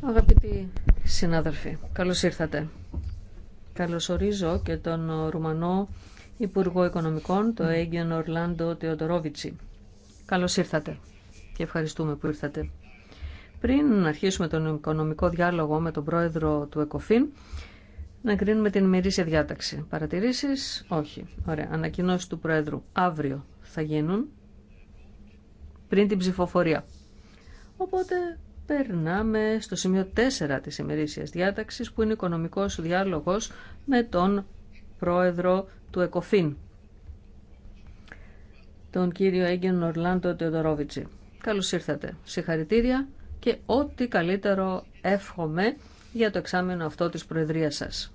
Αγαπητοί συνάδελφοι, καλώς ήρθατε. Καλωσορίζω και τον Ρουμανό Υπουργό Οικονομικών, το Αίγιον Ορλάντο Τεοντορόβιτσι. Καλώς ήρθατε και ευχαριστούμε που ήρθατε. Πριν αρχίσουμε τον οικονομικό διάλογο με τον πρόεδρο του ΕΚΟΦΗΝ, να κρίνουμε την ημερήσια διάταξη. Παρατηρήσεις, όχι. Ωραία. Ανακοινώσει του Πρόεδρου αύριο θα γίνουν πριν την ψηφοφορία. Οπότε περνάμε στο σημείο 4 της ημερήσιας διάταξης που είναι οικονομικός διάλογος με τον πρόεδρο του ΕΚΟΦΗΝ, τον κύριο Έγγεν Ορλάντο Τεοδωρόβιτσι. Καλώς ήρθατε. Συγχαρητήρια και ό,τι καλύτερο εύχομαι για το εξάμεινο αυτό της Προεδρίας σας.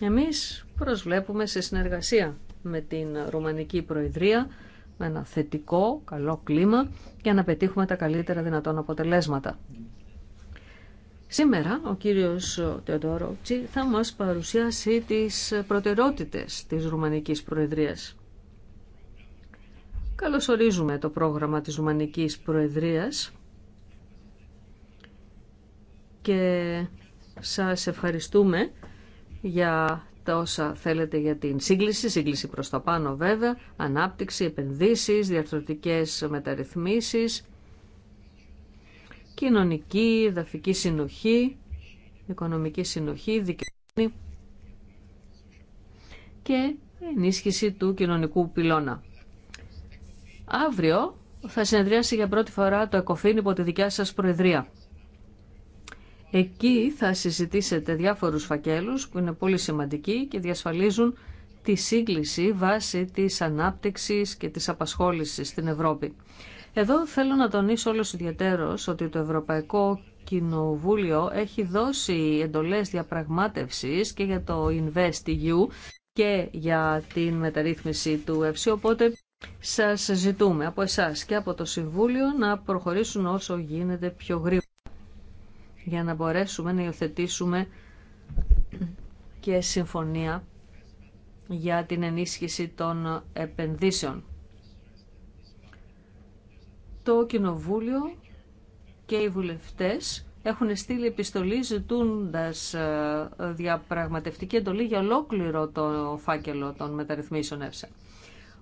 Εμείς προσβλέπουμε σε συνεργασία με την Ρουμανική Προεδρία με ένα θετικό, καλό κλίμα για να πετύχουμε τα καλύτερα δυνατόν αποτελέσματα. Σήμερα ο κύριος Τεοντορότσι θα μας παρουσιάσει τις προτεραιότητες της Ρουμανικής Προεδρίας. Καλωσορίζουμε το πρόγραμμα της Ρουμανικής Προεδρίας και σας ευχαριστούμε για όσα θέλετε για την σύγκληση, σύγκληση προς τα πάνω βέβαια, ανάπτυξη, επενδύσεις, διαρθρωτικές μεταρρυθμίσεις, κοινωνική, δαφική συνοχή, οικονομική συνοχή, δικαιοσύνη και ενίσχυση του κοινωνικού πυλώνα. Αύριο θα συνεδριάσει για πρώτη φορά το ΕΚΟΦΗΝ υπό τη δικιά σας προεδρία. Εκεί θα συζητήσετε διάφορους φακέλους που είναι πολύ σημαντικοί και διασφαλίζουν τη σύγκληση βάσει της ανάπτυξης και της απασχόλησης στην Ευρώπη. Εδώ θέλω να τονίσω όλος ιδιαίτερος ότι το Ευρωπαϊκό Κοινοβούλιο έχει δώσει εντολές διαπραγμάτευσης και για το InvestEU και για την μεταρρύθμιση του ΕΦΣΥ, οπότε σας ζητούμε από εσάς και από το Συμβούλιο να προχωρήσουν όσο γίνεται πιο γρήγορα για να μπορέσουμε να υιοθετήσουμε και συμφωνία για την ενίσχυση των επενδύσεων. Το Κοινοβούλιο και οι βουλευτές έχουν στείλει επιστολή ζητούντας ε, διαπραγματευτική εντολή για ολόκληρο το φάκελο των μεταρρυθμίσεων ΕΦΣΑ.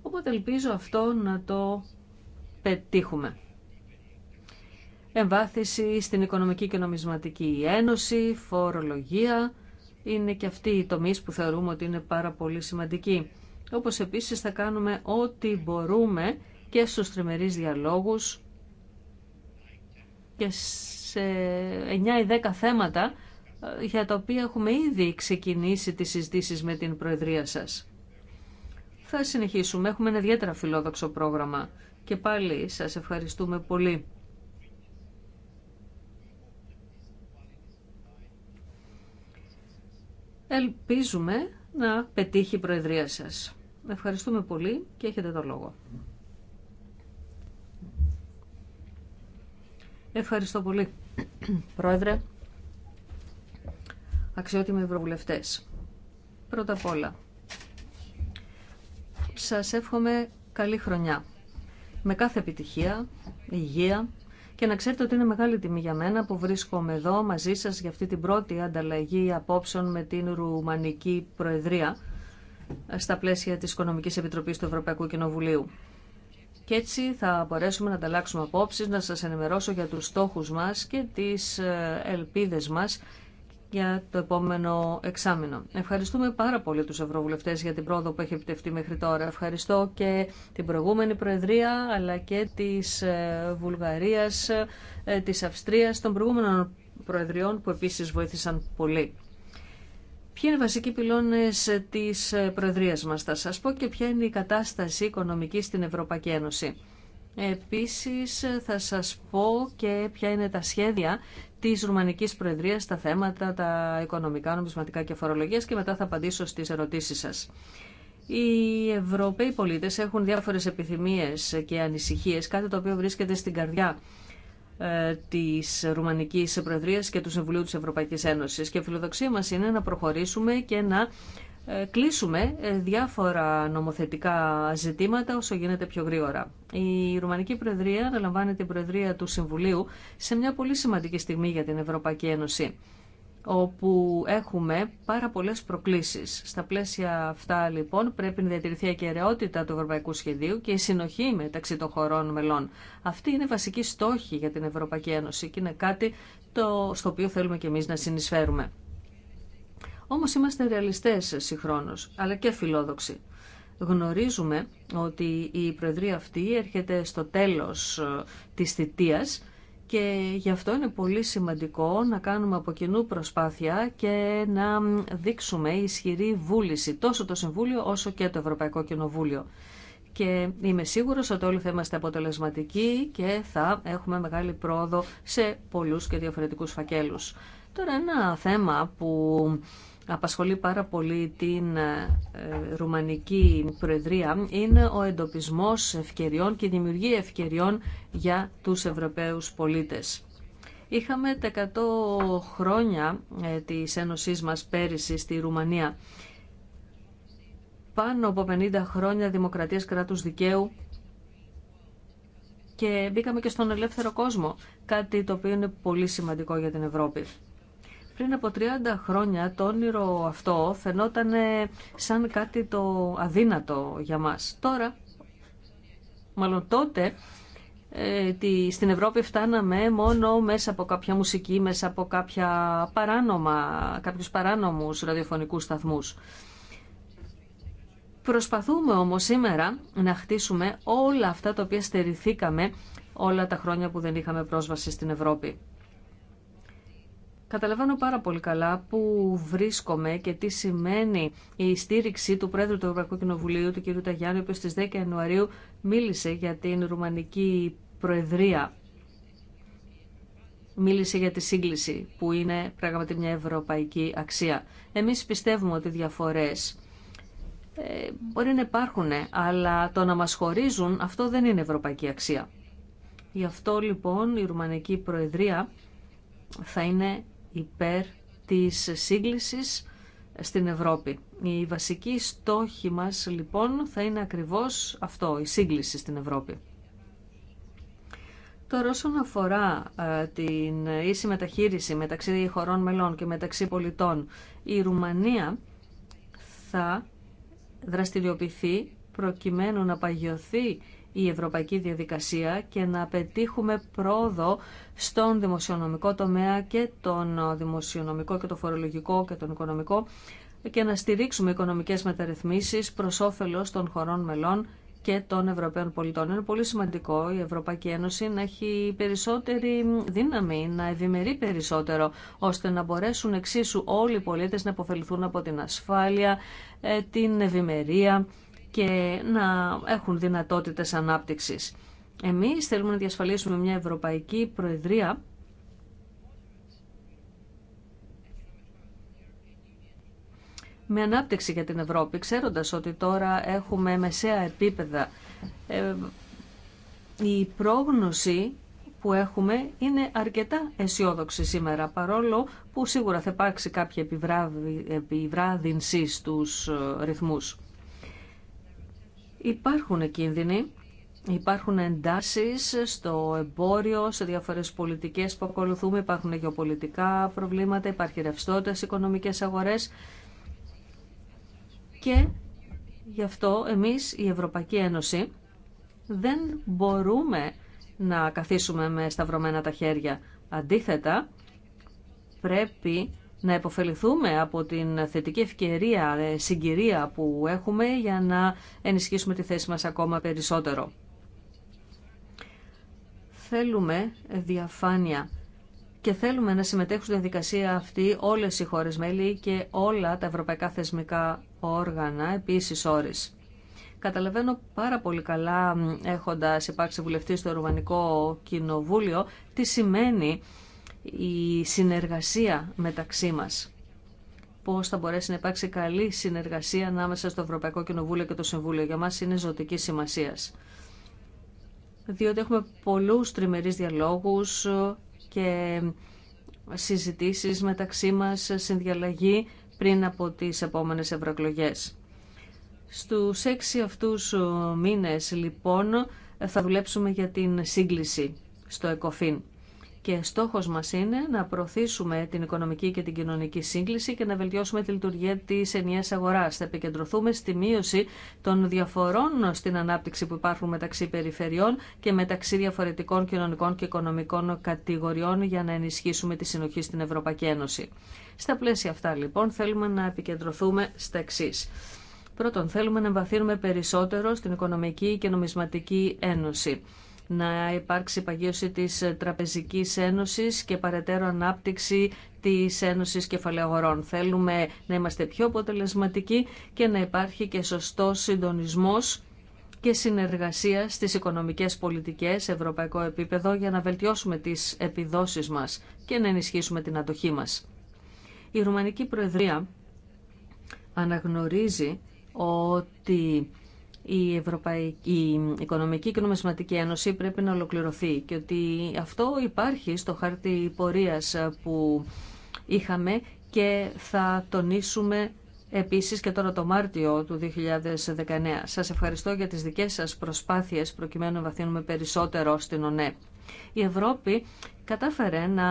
Οπότε ελπίζω αυτό να το πετύχουμε εμβάθυνση στην Οικονομική και Νομισματική Ένωση, φορολογία, είναι και αυτοί οι τομεί που θεωρούμε ότι είναι πάρα πολύ σημαντικοί. Όπως επίσης θα κάνουμε ό,τι μπορούμε και στους τριμερείς διαλόγους και σε 9 ή 10 θέματα ε, για τα οποία έχουμε ήδη ξεκινήσει τις συζητήσεις με την Προεδρία σας. Θα συνεχίσουμε. Έχουμε ένα ιδιαίτερα φιλόδοξο πρόγραμμα και πάλι σας ευχαριστούμε πολύ. Ελπίζουμε να πετύχει η Προεδρία σας. Ευχαριστούμε πολύ και έχετε το λόγο. Ευχαριστώ πολύ, Πρόεδρε. Αξιότιμοι Ευρωβουλευτές. Πρώτα απ' όλα, σας εύχομαι καλή χρονιά. Με κάθε επιτυχία, υγεία και να ξέρετε ότι είναι μεγάλη τιμή για μένα που βρίσκομαι εδώ μαζί σας για αυτή την πρώτη ανταλλαγή απόψεων με την Ρουμανική Προεδρία ε, στα πλαίσια της Οικονομικής Επιτροπής του Ευρωπαϊκού Κοινοβουλίου. Και έτσι θα μπορέσουμε να ανταλλάξουμε απόψεις, να σας ενημερώσω για τους στόχους μας και τις ε, ελπίδες μας για το επόμενο εξάμεινο. Ευχαριστούμε πάρα πολύ τους Ευρωβουλευτές για την πρόοδο που έχει επιτευχθεί μέχρι τώρα. Ευχαριστώ και την προηγούμενη Προεδρία αλλά και της ε, Βουλγαρίας, ε, της Αυστρίας, των προηγούμενων Προεδριών που επίσης βοήθησαν πολύ. Ποιοι είναι οι βασικοί πυλώνες της ε, Προεδρίας μας, θα σας πω και ποια είναι η κατάσταση οικονομική στην Ευρωπαϊκή Ένωση. Επίσης θα σας πω και ποια είναι τα σχέδια της Ρουμανικής Προεδρίας στα θέματα τα οικονομικά, νομισματικά και φορολογίας και μετά θα απαντήσω στις ερωτήσεις σας. Οι Ευρωπαίοι πολίτες έχουν διάφορες επιθυμίες και ανησυχίες, κάτι το οποίο βρίσκεται στην καρδιά ε, της Ρουμανικής Προεδρίας και του Συμβουλίου της Ευρωπαϊκής Ένωσης. Και η φιλοδοξία μας είναι να προχωρήσουμε και να ε, κλείσουμε ε, διάφορα νομοθετικά ζητήματα όσο γίνεται πιο γρήγορα. Η Ρουμανική Προεδρία αναλαμβάνει την Προεδρία του Συμβουλίου σε μια πολύ σημαντική στιγμή για την Ευρωπαϊκή Ένωση όπου έχουμε πάρα πολλές προκλήσεις. Στα πλαίσια αυτά λοιπόν πρέπει να διατηρηθεί η ακαιρεότητα του ευρωπαϊκού σχεδίου και η συνοχή μεταξύ των χωρών μελών. Αυτή είναι η βασική στόχη για την Ευρωπαϊκή Ένωση και είναι κάτι το, στο οποίο θέλουμε και εμείς να συνεισφέρουμε. Όμως είμαστε ρεαλιστές συγχρόνως, αλλά και φιλόδοξοι. Γνωρίζουμε ότι η Προεδρία αυτή έρχεται στο τέλος ε, της θητείας και γι' αυτό είναι πολύ σημαντικό να κάνουμε από κοινού προσπάθεια και να δείξουμε ισχυρή βούληση τόσο το Συμβούλιο όσο και το Ευρωπαϊκό Κοινοβούλιο. Και είμαι σίγουρος ότι όλοι θα είμαστε αποτελεσματικοί και θα έχουμε μεγάλη πρόοδο σε πολλούς και διαφορετικούς φακέλους. Τώρα ένα θέμα που απασχολεί πάρα πολύ την ε, ε, Ρουμανική Προεδρία είναι ο εντοπισμός ευκαιριών και η δημιουργία ευκαιριών για τους Ευρωπαίους πολίτες. Είχαμε τα 100 χρόνια ε, της Ένωσής μας πέρυσι στη Ρουμανία. Πάνω από 50 χρόνια δημοκρατίας κράτους δικαίου και μπήκαμε και στον ελεύθερο κόσμο, κάτι το οποίο είναι πολύ σημαντικό για την Ευρώπη. Πριν από 30 χρόνια το όνειρο αυτό φαινόταν σαν κάτι το αδύνατο για μας. Τώρα, μάλλον τότε, ε, στην Ευρώπη φτάναμε μόνο μέσα από κάποια μουσική, μέσα από κάποια παράνομα, κάποιους παράνομους ραδιοφωνικούς σταθμούς. Προσπαθούμε όμως σήμερα να χτίσουμε όλα αυτά τα οποία στερηθήκαμε όλα τα χρόνια που δεν είχαμε πρόσβαση στην Ευρώπη. Καταλαβαίνω πάρα πολύ καλά που βρίσκομαι και τι σημαίνει η στήριξη του Πρόεδρου του Ευρωπαϊκού Κοινοβουλίου, του κ. Ταγιάννη, που στις 10 Ιανουαρίου μίλησε για την Ρουμανική Προεδρία. Μίλησε για τη σύγκληση που είναι πράγματι μια ευρωπαϊκή αξία. Εμείς πιστεύουμε ότι διαφορές ε, μπορεί να υπάρχουν, αλλά το να μας χωρίζουν αυτό δεν είναι ευρωπαϊκή αξία. Γι' αυτό λοιπόν η Ρουμανική Προεδρία θα είναι υπέρ της σύγκλησης στην Ευρώπη. Η βασική στόχη μας λοιπόν θα είναι ακριβώς αυτό, η σύγκληση στην Ευρώπη. Τώρα όσον αφορά ε, την ίση μεταχείριση μεταξύ χωρών μελών και μεταξύ πολιτών, η Ρουμανία θα δραστηριοποιηθεί προκειμένου να παγιωθεί η ευρωπαϊκή διαδικασία και να πετύχουμε πρόοδο στον δημοσιονομικό τομέα και τον δημοσιονομικό και το φορολογικό και τον οικονομικό και να στηρίξουμε οικονομικές μεταρρυθμίσεις προ όφελο των χωρών μελών και των Ευρωπαίων πολιτών. Είναι πολύ σημαντικό η Ευρωπαϊκή Ένωση να έχει περισσότερη δύναμη, να ευημερεί περισσότερο, ώστε να μπορέσουν εξίσου όλοι οι πολίτες να υποφεληθούν από την ασφάλεια, ε, την ευημερία, και να έχουν δυνατότητες ανάπτυξης. Εμείς θέλουμε να διασφαλίσουμε μια ευρωπαϊκή προεδρία με ανάπτυξη για την Ευρώπη, ξέροντας ότι τώρα έχουμε μεσαία επίπεδα. Ε, η πρόγνωση που έχουμε είναι αρκετά αισιόδοξη σήμερα, παρόλο που σίγουρα θα υπάρξει κάποια επιβράδυνση στους ε, ρυθμούς. Υπάρχουν κίνδυνοι, υπάρχουν εντάσεις στο εμπόριο, σε διάφορες πολιτικές που ακολουθούμε, υπάρχουν γεωπολιτικά προβλήματα, υπάρχει ρευστότητα στις οικονομικές αγορές και γι' αυτό εμείς η Ευρωπαϊκή Ένωση δεν μπορούμε να καθίσουμε με σταυρωμένα τα χέρια. Αντίθετα, πρέπει να υποφεληθούμε από την θετική ευκαιρία, ε, συγκυρία που έχουμε για να ενισχύσουμε τη θέση μας ακόμα περισσότερο. Θέλουμε διαφάνεια και θέλουμε να συμμετέχουν στη διαδικασία αυτή όλες οι χώρες μέλη και όλα τα ευρωπαϊκά θεσμικά όργανα επίσης όρις. Καταλαβαίνω πάρα πολύ καλά έχοντας υπάρξει βουλευτή στο Ρουμανικό Κοινοβούλιο τι σημαίνει η συνεργασία μεταξύ μας. Πώς θα μπορέσει να υπάρξει καλή συνεργασία ανάμεσα στο Ευρωπαϊκό Κοινοβούλιο και το Συμβούλιο. Για μας είναι ζωτική σημασίας. Διότι έχουμε πολλούς τριμερείς διαλόγους και συζητήσεις μεταξύ μας, συνδιαλλαγή πριν από τις επόμενες ευρωεκλογέ. Στους έξι αυτούς μήνες λοιπόν θα δουλέψουμε για την σύγκληση στο ΕΚΟΦΗΝ και στόχος μας είναι να προωθήσουμε την οικονομική και την κοινωνική σύγκληση και να βελτιώσουμε τη λειτουργία της ενιαίας αγοράς. Θα επικεντρωθούμε στη μείωση των διαφορών στην ανάπτυξη που υπάρχουν μεταξύ περιφερειών και μεταξύ διαφορετικών κοινωνικών και οικονομικών κατηγοριών για να ενισχύσουμε τη συνοχή στην Ευρωπαϊκή Ένωση. Στα πλαίσια αυτά λοιπόν θέλουμε να επικεντρωθούμε στα εξή. Πρώτον, θέλουμε να εμβαθύνουμε περισσότερο στην Οικονομική και Νομισματική Ένωση να υπάρξει παγίωση της Τραπεζικής Ένωσης και παρετέρω ανάπτυξη της Ένωσης Κεφαλαιογορών. Θέλουμε να είμαστε πιο αποτελεσματικοί και να υπάρχει και σωστός συντονισμός και συνεργασία στις οικονομικές πολιτικές σε ευρωπαϊκό επίπεδο για να βελτιώσουμε τις επιδόσεις μας και να ενισχύσουμε την ατοχή μας. Η Ρουμανική Προεδρία αναγνωρίζει ότι η, Ευρωπαϊκή, Οικονομική και Νομισματική Ένωση πρέπει να ολοκληρωθεί και ότι αυτό υπάρχει στο χάρτη πορείας που είχαμε και θα τονίσουμε επίσης και τώρα το Μάρτιο του 2019. Σας ευχαριστώ για τις δικές σας προσπάθειες προκειμένου να βαθύνουμε περισσότερο στην ΟΝΕ. Η Ευρώπη κατάφερε να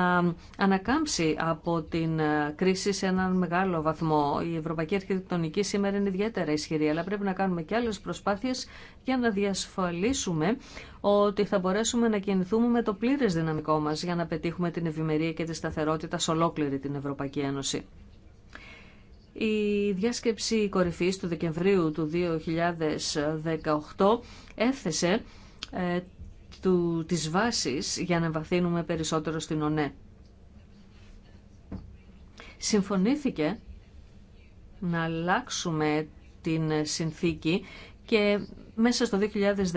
ανακάμψει από την ε, κρίση σε έναν μεγάλο βαθμό. Η Ευρωπαϊκή Αρχιτεκτονική σήμερα είναι ιδιαίτερα ισχυρή, αλλά πρέπει να κάνουμε και άλλες προσπάθειες για να διασφαλίσουμε ότι θα μπορέσουμε να κινηθούμε με το πλήρες δυναμικό μας για να πετύχουμε την ευημερία και τη σταθερότητα σε ολόκληρη την Ευρωπαϊκή Ένωση. Η διάσκεψη κορυφής του Δεκεμβρίου του 2018 έθεσε ε, του, της βάσης για να βαθύνουμε περισσότερο στην ΟΝΕ. Συμφωνήθηκε να αλλάξουμε την συνθήκη και μέσα στο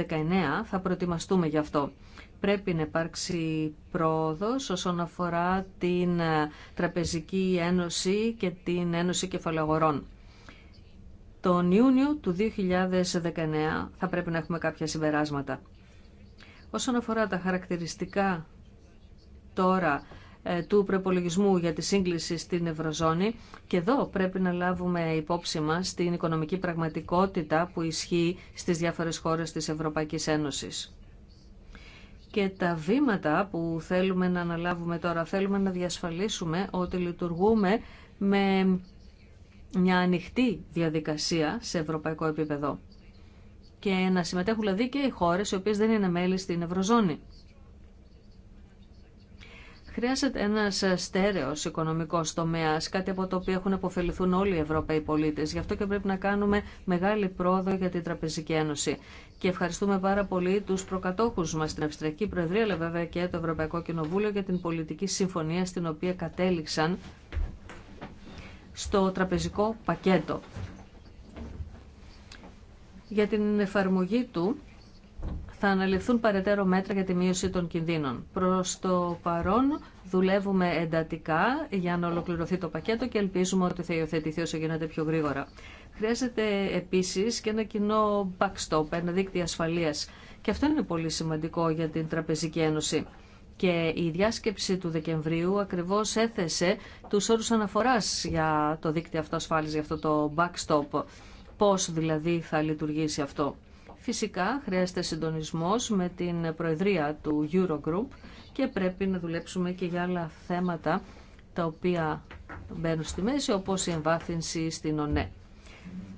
2019 θα προετοιμαστούμε γι' αυτό. Πρέπει να υπάρξει πρόοδος όσον αφορά την Τραπεζική Ένωση και την Ένωση Κεφαλαγορών. Τον Ιούνιο του 2019 θα πρέπει να έχουμε κάποια συμπεράσματα. Όσον αφορά τα χαρακτηριστικά τώρα ε, του προπολογισμού για τη σύγκληση στην Ευρωζώνη. Και εδώ πρέπει να λάβουμε υπόψη μας την οικονομική πραγματικότητα που ισχύει στις διάφορες χώρες της Ευρωπαϊκής Ένωσης. Και τα βήματα που θέλουμε να αναλάβουμε τώρα, θέλουμε να διασφαλίσουμε ότι λειτουργούμε με μια ανοιχτή διαδικασία σε ευρωπαϊκό επίπεδο και να συμμετέχουν δηλαδή και οι χώρες οι οποίες δεν είναι μέλη στην Ευρωζώνη. Χρειάζεται ένα στέρεο οικονομικό τομέα, κάτι από το οποίο έχουν αποφεληθούν όλοι οι Ευρωπαίοι πολίτε. Γι' αυτό και πρέπει να κάνουμε μεγάλη πρόοδο για την Τραπεζική Ένωση. Και ευχαριστούμε πάρα πολύ του προκατόχου μα στην Αυστριακή Προεδρία, αλλά βέβαια και το Ευρωπαϊκό Κοινοβούλιο για την πολιτική συμφωνία στην οποία κατέληξαν στο τραπεζικό πακέτο. Για την εφαρμογή του θα αναλυθούν παρετέρω μέτρα για τη μείωση των κινδύνων. Προς το παρόν δουλεύουμε εντατικά για να ολοκληρωθεί το πακέτο και ελπίζουμε ότι θα υιοθετηθεί όσο γίνεται πιο γρήγορα. Χρειάζεται επίσης και ένα κοινό backstop, ένα δίκτυο ασφαλείας. Και αυτό είναι πολύ σημαντικό για την Τραπεζική Ένωση. Και η διάσκεψη του Δεκεμβρίου ακριβώς έθεσε τους όρους αναφοράς για το δίκτυο αυτό ασφάλειας, για αυτό το backstop πώς δηλαδή θα λειτουργήσει αυτό. Φυσικά χρειάζεται συντονισμός με την Προεδρία του Eurogroup και πρέπει να δουλέψουμε και για άλλα θέματα τα οποία μπαίνουν στη μέση, όπως η εμβάθυνση στην ΟΝΕ.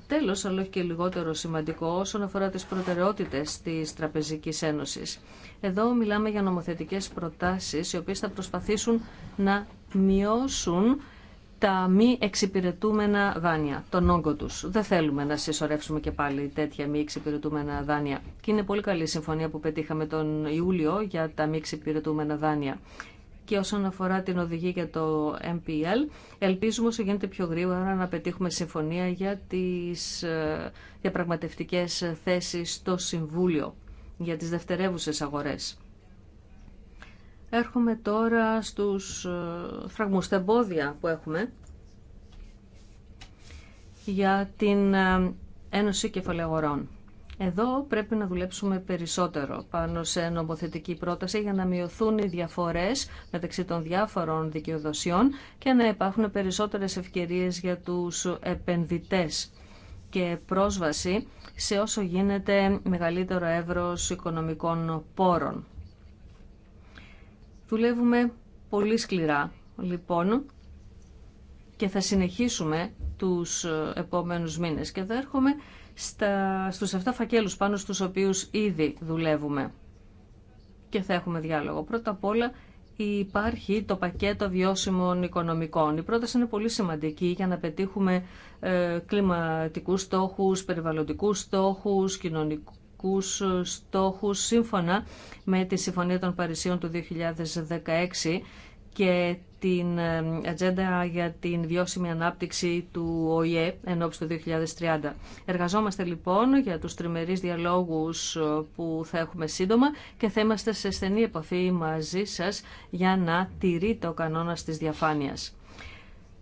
Τέλος, αλλά όχι και λιγότερο σημαντικό, όσον αφορά τις προτεραιότητες της Τραπεζικής Ένωσης. Εδώ μιλάμε για νομοθετικές προτάσεις, οι οποίες θα προσπαθήσουν να μειώσουν τα μη εξυπηρετούμενα δάνεια, τον όγκο του. Δεν θέλουμε να συσσωρεύσουμε και πάλι τέτοια μη εξυπηρετούμενα δάνεια. Και είναι πολύ καλή η συμφωνία που πετύχαμε τον Ιούλιο για τα μη εξυπηρετούμενα δάνεια. Και όσον αφορά την οδηγία για το MPL, ελπίζουμε όσο γίνεται πιο γρήγορα να πετύχουμε συμφωνία για τις ε, διαπραγματευτικές θέσεις στο Συμβούλιο για τις δευτερεύουσες αγορές. Έρχομαι τώρα στους ε, φραγμούς, εμπόδια που έχουμε για την ε, Ένωση Κεφαλαιογορών. Εδώ πρέπει να δουλέψουμε περισσότερο πάνω σε νομοθετική πρόταση για να μειωθούν οι διαφορές μεταξύ των διάφορων δικαιοδοσιών και να υπάρχουν περισσότερες ευκαιρίες για τους επενδυτές και πρόσβαση σε όσο γίνεται μεγαλύτερο εύρος οικονομικών πόρων. Δουλεύουμε πολύ σκληρά, λοιπόν, και θα συνεχίσουμε τους ε, επόμενους μήνες. Και θα έρχομαι στα, στους 7 φακέλους πάνω στους οποίους ήδη δουλεύουμε και θα έχουμε διάλογο. Πρώτα απ' όλα υπάρχει το πακέτο βιώσιμων οικονομικών. Η πρόταση είναι πολύ σημαντική για να πετύχουμε ε, κλιματικούς στόχους, περιβαλλοντικούς στόχους, κοινωνικούς ενεργειακούς ε, στόχους σύμφωνα με τη Συμφωνία των Παρισίων του 2016 και την ε, ατζέντα για την βιώσιμη ανάπτυξη του ΟΗΕ ενώπιση του 2030. Εργαζόμαστε λοιπόν για τους τριμερείς διαλόγους ε, που θα έχουμε σύντομα και θα είμαστε σε στενή επαφή μαζί σας για να τηρείτε ο κανόνας της διαφάνειας.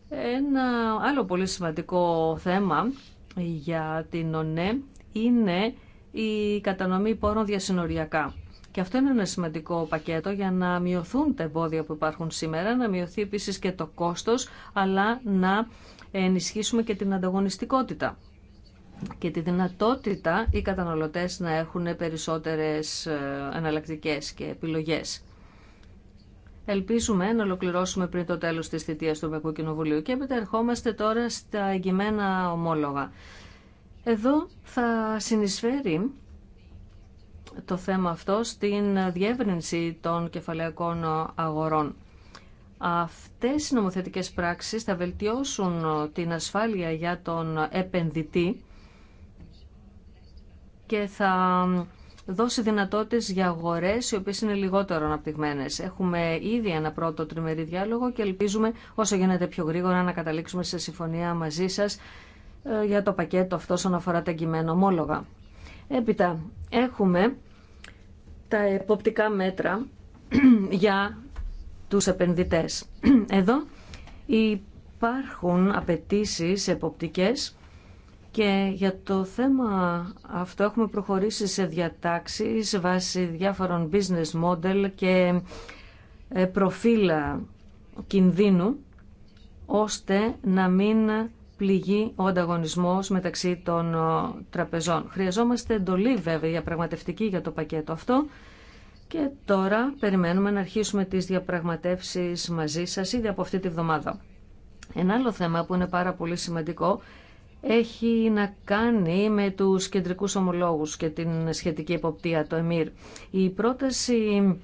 Ένα άλλο πολύ σημαντικό θέμα για την ΟΝΕ είναι η κατανομή πόρων διασυνοριακά. Και αυτό είναι ένα σημαντικό πακέτο για να μειωθούν τα εμπόδια που υπάρχουν σήμερα, να μειωθεί επίσης και το κόστος, αλλά να ενισχύσουμε και την ανταγωνιστικότητα και τη δυνατότητα οι καταναλωτές να έχουν περισσότερες ε, εναλλακτικέ και επιλογές. Ελπίζουμε να ολοκληρώσουμε πριν το τέλος της θητείας του Ευρωπαϊκού Κοινοβουλίου και ερχόμαστε τώρα στα εγγυημένα ομόλογα. Εδώ θα συνεισφέρει το θέμα αυτό στην διεύρυνση των κεφαλαϊκών αγορών. Αυτές οι νομοθετικές πράξεις θα βελτιώσουν την ασφάλεια για τον επενδυτή και θα δώσει δυνατότητες για αγορές οι οποίες είναι λιγότερο αναπτυγμένες. Έχουμε ήδη ένα πρώτο τριμερή διάλογο και ελπίζουμε όσο γίνεται πιο γρήγορα να καταλήξουμε σε συμφωνία μαζί σας ε, για το πακέτο αυτό όσον αφορά τα εγκυμένα ομόλογα. Έπειτα έχουμε τα εποπτικά μέτρα για τους επενδυτές. Εδώ υπάρχουν απαιτήσει εποπτικές και για το θέμα αυτό έχουμε προχωρήσει σε διατάξεις βάσει διάφορων business model και ε, προφίλα κινδύνου ώστε να μην πληγεί ο ανταγωνισμός μεταξύ των ε, τραπεζών. Χρειαζόμαστε εντολή βέβαια διαπραγματευτική για το πακέτο αυτό και τώρα περιμένουμε να αρχίσουμε τις διαπραγματεύσεις μαζί σας ήδη από αυτή τη βδομάδα. Ένα άλλο θέμα που είναι πάρα πολύ σημαντικό έχει να κάνει με τους κεντρικούς ομολόγους και την σχετική εποπτεία, το ΕΜΥΡ. Η πρόταση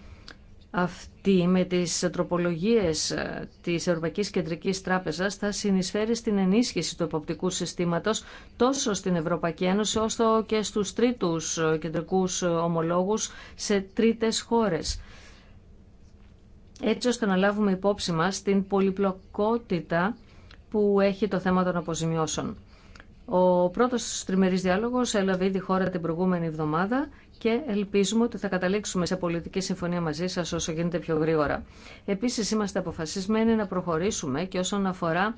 αυτή με τις τροπολογίες ε, της Ευρωπαϊκής Κεντρικής Τράπεζας θα συνεισφέρει στην ενίσχυση του εποπτικού συστήματος τόσο στην Ευρωπαϊκή Ένωση όσο και στους τρίτους ε, κεντρικούς ε, ομολόγους σε τρίτες χώρες. Έτσι ώστε να λάβουμε υπόψη μας την πολυπλοκότητα που έχει το θέμα των αποζημιώσεων. Ο πρώτος τριμερής διάλογος έλαβε ήδη χώρα την προηγούμενη εβδομάδα και ελπίζουμε ότι θα καταλήξουμε σε πολιτική συμφωνία μαζί σας όσο γίνεται πιο γρήγορα. Επίσης είμαστε αποφασισμένοι να προχωρήσουμε και όσον αφορά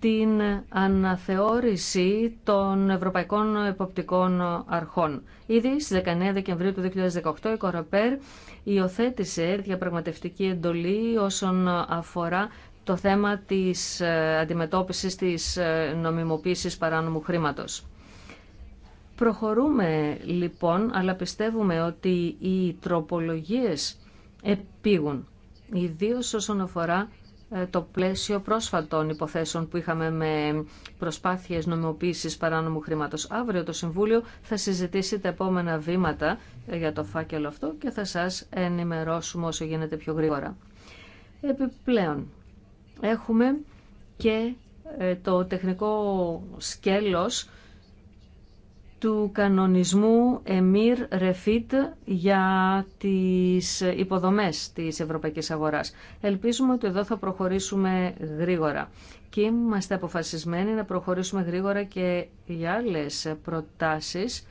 την αναθεώρηση των Ευρωπαϊκών Εποπτικών Αρχών. Ήδη στις 19 Δεκεμβρίου του 2018 η Κοροπέρ υιοθέτησε διαπραγματευτική εντολή όσον αφορά το θέμα της ε, αντιμετώπισης της ε, νομιμοποίησης παράνομου χρήματος. Προχωρούμε λοιπόν, αλλά πιστεύουμε ότι οι τροπολογίες επίγουν, ιδίως όσον αφορά ε, το πλαίσιο πρόσφατων υποθέσεων που είχαμε με προσπάθειες νομιμοποίησης παράνομου χρήματος. Αύριο το Συμβούλιο θα συζητήσει τα επόμενα βήματα για το φάκελο αυτό και θα σας ενημερώσουμε όσο γίνεται πιο γρήγορα. Επιπλέον, έχουμε και ε, το τεχνικό σκέλος του κανονισμού εμίρ Ρεφίτ για τις υποδομές της ευρωπαϊκής αγοράς. Ελπίζουμε ότι εδώ θα προχωρήσουμε γρήγορα και είμαστε αποφασισμένοι να προχωρήσουμε γρήγορα και για άλλες προτάσεις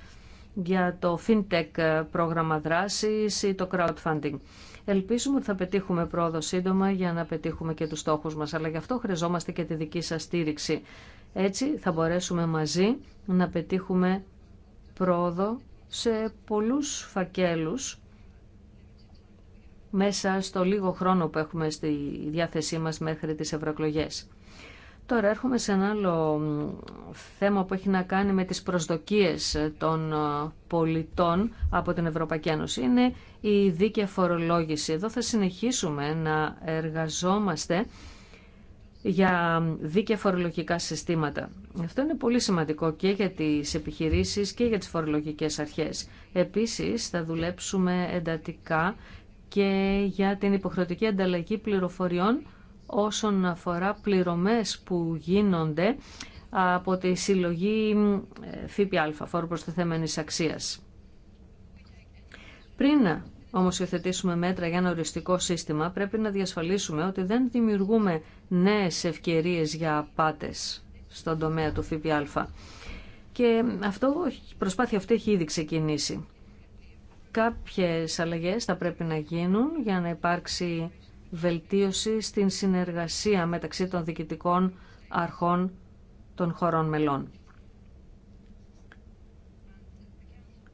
για το FinTech πρόγραμμα δράσης ή το crowdfunding. Ελπίζουμε ότι θα πετύχουμε πρόοδο σύντομα για να πετύχουμε και τους στόχους μας, αλλά γι' αυτό χρειαζόμαστε και τη δική σας στήριξη. Έτσι θα μπορέσουμε μαζί να πετύχουμε πρόοδο σε πολλούς φακέλους μέσα στο λίγο χρόνο που έχουμε στη διάθεσή μας μέχρι τις ευρωεκλογές. Τώρα έρχομαι σε ένα άλλο θέμα που έχει να κάνει με τις προσδοκίες των ε, πολιτών από την Ευρωπαϊκή Ένωση. Είναι η δίκαια φορολόγηση. Εδώ θα συνεχίσουμε να εργαζόμαστε για δίκαια φορολογικά συστήματα. Αυτό είναι πολύ σημαντικό και για τις επιχειρήσεις και για τις φορολογικές αρχές. Επίσης θα δουλέψουμε εντατικά και για την υποχρεωτική ανταλλαγή πληροφοριών όσον αφορά πληρωμές που γίνονται από τη συλλογή ε, ΦΠΑ, φόρου προστιθέμενης αξίας. Πριν όμως υιοθετήσουμε μέτρα για ένα οριστικό σύστημα, πρέπει να διασφαλίσουμε ότι δεν δημιουργούμε νέες ευκαιρίες για απάτες στον τομέα του ΦΠΑ. Και αυτό, η προσπάθεια αυτή έχει ήδη ξεκινήσει. Κάποιες αλλαγές θα πρέπει να γίνουν για να υπάρξει βελτίωση στην συνεργασία μεταξύ των διοικητικών αρχών των χωρών μελών.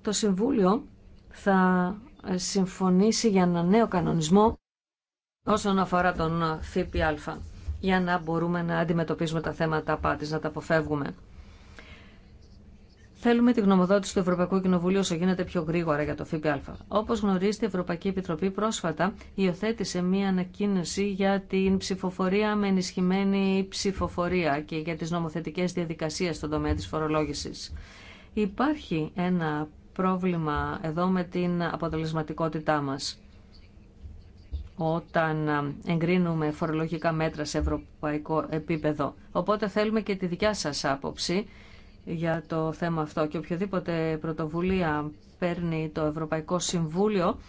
Το Συμβούλιο θα συμφωνήσει για ένα νέο κανονισμό όσον αφορά τον ΦΠΑ για να μπορούμε να αντιμετωπίσουμε τα θέματα απάτης, να τα αποφεύγουμε. Θέλουμε τη γνωμοδότηση του Ευρωπαϊκού Κοινοβουλίου όσο γίνεται πιο γρήγορα για το ΦΠΑ. Όπω γνωρίζετε, η Ευρωπαϊκή Επιτροπή πρόσφατα υιοθέτησε μία ανακοίνωση για την ψηφοφορία με ενισχυμένη ψηφοφορία και για τι νομοθετικέ διαδικασίε στον τομέα τη φορολόγηση. Υπάρχει ένα πρόβλημα εδώ με την αποτελεσματικότητά μα Όταν εγκρίνουμε φορολογικά μέτρα σε ευρωπαϊκό επίπεδο. Οπότε θέλουμε και τη δικιά σας άποψη για το θέμα αυτό και οποιοδήποτε πρωτοβουλία παίρνει το Ευρωπαϊκό Συμβούλιο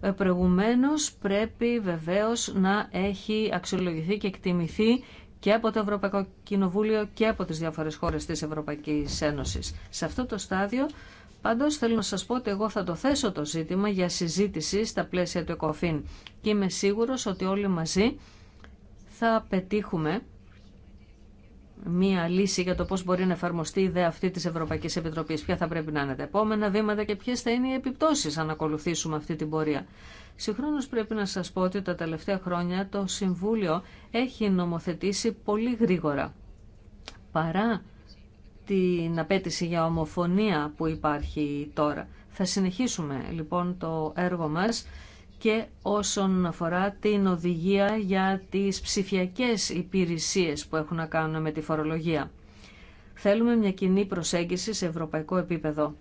ε, προηγουμένως πρέπει βεβαίως να έχει αξιολογηθεί και εκτιμηθεί και από το Ευρωπαϊκό Κοινοβούλιο και από τις διάφορες χώρες της Ευρωπαϊκής Ένωσης. Σε αυτό το στάδιο Πάντως θέλω να σας πω ότι εγώ θα το θέσω το ζήτημα για συζήτηση στα πλαίσια του ΕΚΟΦΗΝ και είμαι σίγουρος ότι όλοι μαζί θα πετύχουμε μία λύση για το πώς μπορεί να εφαρμοστεί η ιδέα αυτή της Ευρωπαϊκής Επιτροπής, ποια θα πρέπει να είναι τα επόμενα βήματα και ποιες θα είναι οι επιπτώσεις αν ακολουθήσουμε αυτή την πορεία. Συγχρόνως πρέπει να σας πω ότι τα τελευταία χρόνια το Συμβούλιο έχει νομοθετήσει πολύ γρήγορα. Παρά την απέτηση για ομοφωνία που υπάρχει τώρα. Θα συνεχίσουμε λοιπόν το έργο μας και όσον αφορά την οδηγία για τις ψηφιακές υπηρεσίες που έχουν να κάνουν με τη φορολογία. Θέλουμε μια κοινή προσέγγιση σε ευρωπαϊκό επίπεδο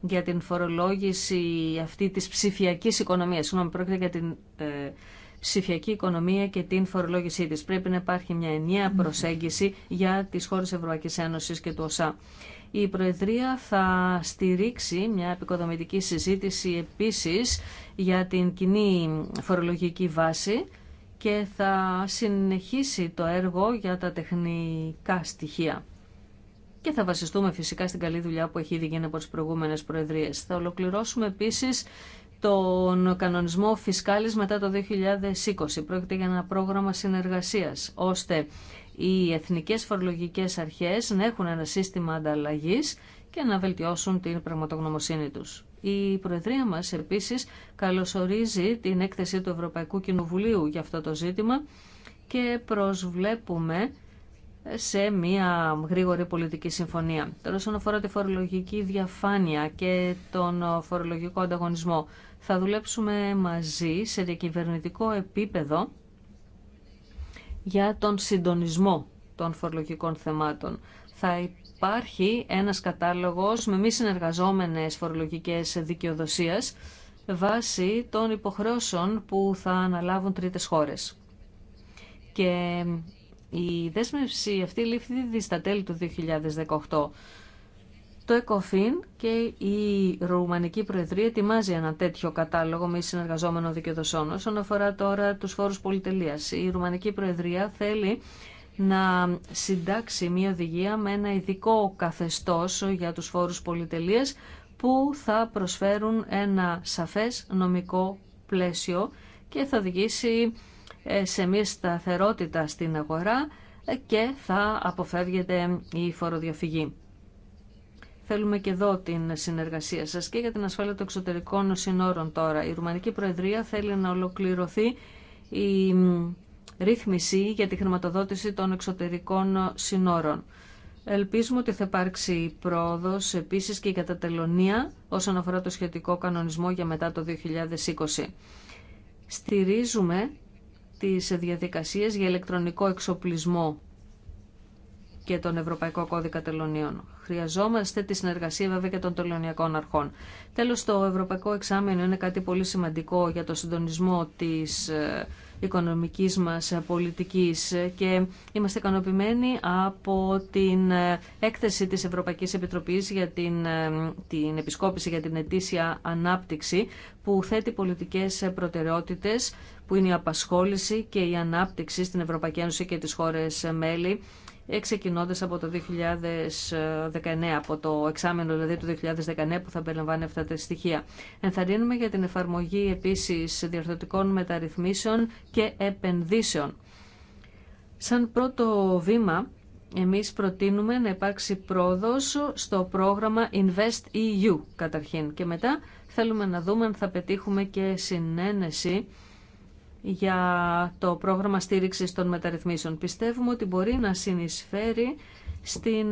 για την φορολόγηση αυτή της ψηφιακής οικονομίας. Συγγνώμη, πρόκειται για την ε, ψηφιακή οικονομία και την φορολόγησή της. Πρέπει να υπάρχει μια ενιαία προσέγγιση για τις χώρες Ευρωπαϊκής Ένωσης και του ΟΣΑ η Προεδρία θα στηρίξει μια επικοδομητική συζήτηση επίσης για την κοινή φορολογική βάση και θα συνεχίσει το έργο για τα τεχνικά στοιχεία. Και θα βασιστούμε φυσικά στην καλή δουλειά που έχει ήδη γίνει από τις προηγούμενες Προεδρίες. Θα ολοκληρώσουμε επίσης τον κανονισμό φυσκάλης μετά το 2020. Πρόκειται για ένα πρόγραμμα συνεργασίας, ώστε οι εθνικές φορολογικές αρχές να έχουν ένα σύστημα ανταλλαγής και να βελτιώσουν την πραγματογνωμοσύνη τους. Η Προεδρία μας επίσης καλωσορίζει την έκθεση του Ευρωπαϊκού Κοινοβουλίου για αυτό το ζήτημα και προσβλέπουμε σε μια γρήγορη πολιτική συμφωνία. Τώρα όσον αφορά τη φορολογική διαφάνεια και τον φορολογικό ανταγωνισμό, θα δουλέψουμε μαζί σε διακυβερνητικό επίπεδο για τον συντονισμό των φορολογικών θεμάτων. Θα υπάρχει ένας κατάλογος με μη συνεργαζόμενες φορολογικές δικαιοδοσίες βάσει των υποχρεώσεων που θα αναλάβουν τρίτες χώρες. Και η δέσμευση αυτή λήφθη στα τέλη του 2018. Το ΕΚΟΦΗΝ και η Ρουμανική Προεδρία ετοιμάζει ένα τέτοιο κατάλογο με συνεργαζόμενο δικαιοδοσών. Όσον αφορά τώρα τους φόρους πολυτελείας, η Ρουμανική Προεδρία θέλει να συντάξει μια οδηγία με ένα ειδικό καθεστώς για τους φόρους πολυτελείας που θα προσφέρουν ένα σαφές νομικό πλαίσιο και θα οδηγήσει ε, σε μια σταθερότητα στην αγορά και θα αποφεύγεται η φοροδιαφυγή. Θέλουμε και εδώ την συνεργασία σας και για την ασφάλεια των εξωτερικών συνόρων τώρα. Η Ρουμανική Προεδρία θέλει να ολοκληρωθεί η ρύθμιση για τη χρηματοδότηση των εξωτερικών συνόρων. Ελπίζουμε ότι θα υπάρξει πρόοδος επίσης και η τα όσον αφορά το σχετικό κανονισμό για μετά το 2020. Στηρίζουμε τις διαδικασίες για ηλεκτρονικό εξοπλισμό και τον Ευρωπαϊκό Κώδικα Τελωνίων. Χρειαζόμαστε τη συνεργασία βέβαια και των τελωνιακών αρχών. Τέλος, το Ευρωπαϊκό Εξάμεινο είναι κάτι πολύ σημαντικό για το συντονισμό της ε, οικονομικής μας ε, πολιτικής και είμαστε ικανοποιημένοι από την ε, έκθεση της Ευρωπαϊκής Επιτροπής για την, την επισκόπηση για την ετήσια ανάπτυξη που θέτει πολιτικέ προτεραιότητε, που είναι η απασχόληση και η ανάπτυξη στην Ευρωπαϊκή Ένωση και τις χώρες μέλη ξεκινώντα από το 2019, από το εξάμενο δηλαδή του 2019 που θα περιλαμβάνει αυτά τα στοιχεία. Ενθαρρύνουμε για την εφαρμογή επίση διαρθρωτικών μεταρρυθμίσεων και επενδύσεων. Σαν πρώτο βήμα, εμείς προτείνουμε να υπάρξει πρόοδος στο πρόγραμμα Invest EU καταρχήν και μετά θέλουμε να δούμε αν θα πετύχουμε και συνένεση για το πρόγραμμα στήριξης των μεταρρυθμίσεων. Πιστεύουμε ότι μπορεί να συνεισφέρει στην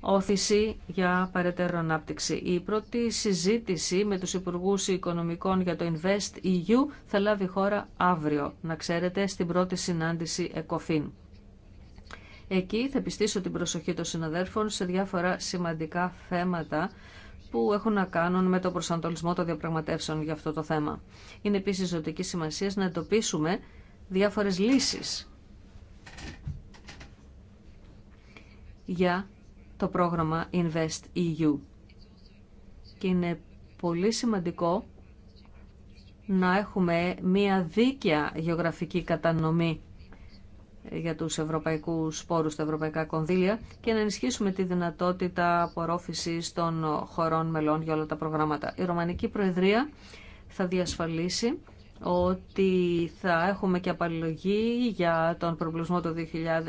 όθηση για παρετέρω ανάπτυξη. Η πρώτη συζήτηση με τους Υπουργούς Οικονομικών για το Invest EU θα λάβει χώρα αύριο, να ξέρετε, στην πρώτη συνάντηση ΕΚΟΦΗΝ. Εκεί θα πιστήσω την προσοχή των συναδέρφων σε διάφορα σημαντικά θέματα που έχουν να κάνουν με το προσανατολισμό των διαπραγματεύσεων για αυτό το θέμα. Είναι επίση ζωτική σημασία να εντοπίσουμε διάφορες λύσεις για το πρόγραμμα Invest EU. Και είναι πολύ σημαντικό να έχουμε μία δίκαια γεωγραφική κατανομή για τους ευρωπαϊκούς σπόρους τα ευρωπαϊκά κονδύλια και να ενισχύσουμε τη δυνατότητα απορρόφησης των χωρών μελών για όλα τα προγράμματα. Η Ρωμανική Προεδρία θα διασφαλίσει ότι θα έχουμε και απαλληλογή για τον προβλησμό το 2017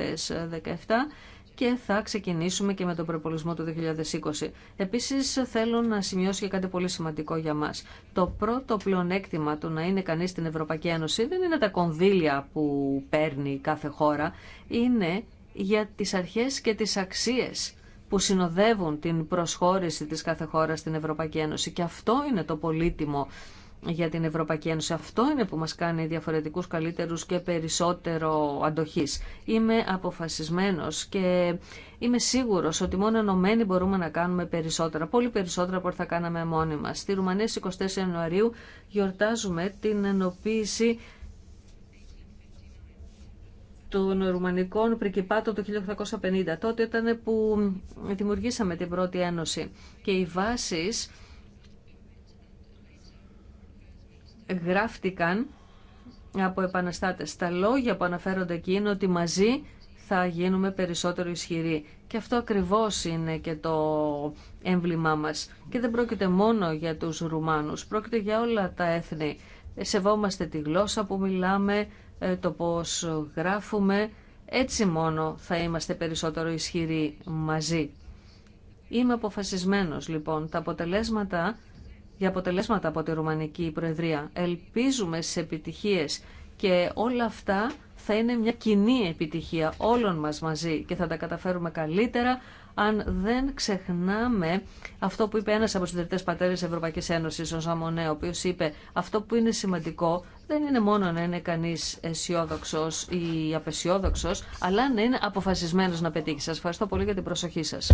και θα ξεκινήσουμε και με τον προπολισμό του 2020. Επίσης θέλω να σημειώσω και κάτι πολύ σημαντικό για μα. Το πρώτο πλεονέκτημα του να είναι κανεί στην Ευρωπαϊκή Ένωση δεν είναι τα κονδύλια που παίρνει κάθε χώρα, είναι για τις αρχές και τις αξίες που συνοδεύουν την προσχώρηση της κάθε χώρας στην Ευρωπαϊκή Ένωση. Και αυτό είναι το πολύτιμο για την Ευρωπαϊκή Ένωση. Αυτό είναι που μας κάνει διαφορετικούς καλύτερους και περισσότερο αντοχής. Είμαι αποφασισμένος και είμαι σίγουρος ότι μόνο ενωμένοι μπορούμε να κάνουμε περισσότερα, πολύ περισσότερα από ό,τι θα κάναμε μόνοι μας. Στη Ρουμανία 24 Ιανουαρίου γιορτάζουμε την ενοποίηση των Ρουμανικών Πρικυπάτων το 1850. Τότε ήταν που δημιουργήσαμε την πρώτη ένωση και οι βάσεις γράφτηκαν από επαναστάτες. Τα λόγια που αναφέρονται εκεί είναι ότι μαζί θα γίνουμε περισσότερο ισχυροί. Και αυτό ακριβώς είναι και το έμβλημά μας. Και δεν πρόκειται μόνο για τους Ρουμάνους, πρόκειται για όλα τα έθνη. Σεβόμαστε τη γλώσσα που μιλάμε, ε, το πώς γράφουμε. Έτσι μόνο θα είμαστε περισσότερο ισχυροί μαζί. Είμαι αποφασισμένος λοιπόν. Τα αποτελέσματα για αποτελέσματα από τη Ρουμανική Προεδρία. Ελπίζουμε σε επιτυχίες και όλα αυτά θα είναι μια κοινή επιτυχία όλων μας μαζί και θα τα καταφέρουμε καλύτερα αν δεν ξεχνάμε αυτό που είπε ένας από τους ιδρυτές πατέρες Ευρωπαϊκής Ένωσης, ο Ζαμονέ, ο οποίος είπε αυτό που είναι σημαντικό δεν είναι μόνο να είναι κανείς αισιόδοξο ή απεσιόδοξο, αλλά να είναι αποφασισμένος να πετύχει. Σας ευχαριστώ πολύ για την προσοχή σας.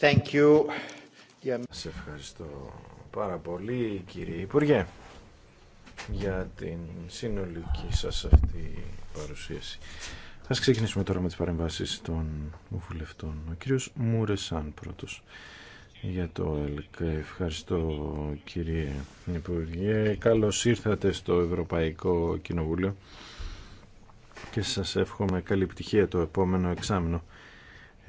Thank Σε ευχαριστώ πάρα πολύ κύριε Υπουργέ για την συνολική σας αυτή παρουσίαση. Ας ξεκινήσουμε τώρα με τις παρεμβάσεις των βουλευτών. Ο κύριος Μουρεσάν πρώτος για το ΕΛΚ. Ευχαριστώ κύριε Υπουργέ. Καλώς ήρθατε στο Ευρωπαϊκό Κοινοβούλιο και σας εύχομαι καλή πτυχία το επόμενο εξάμεινο.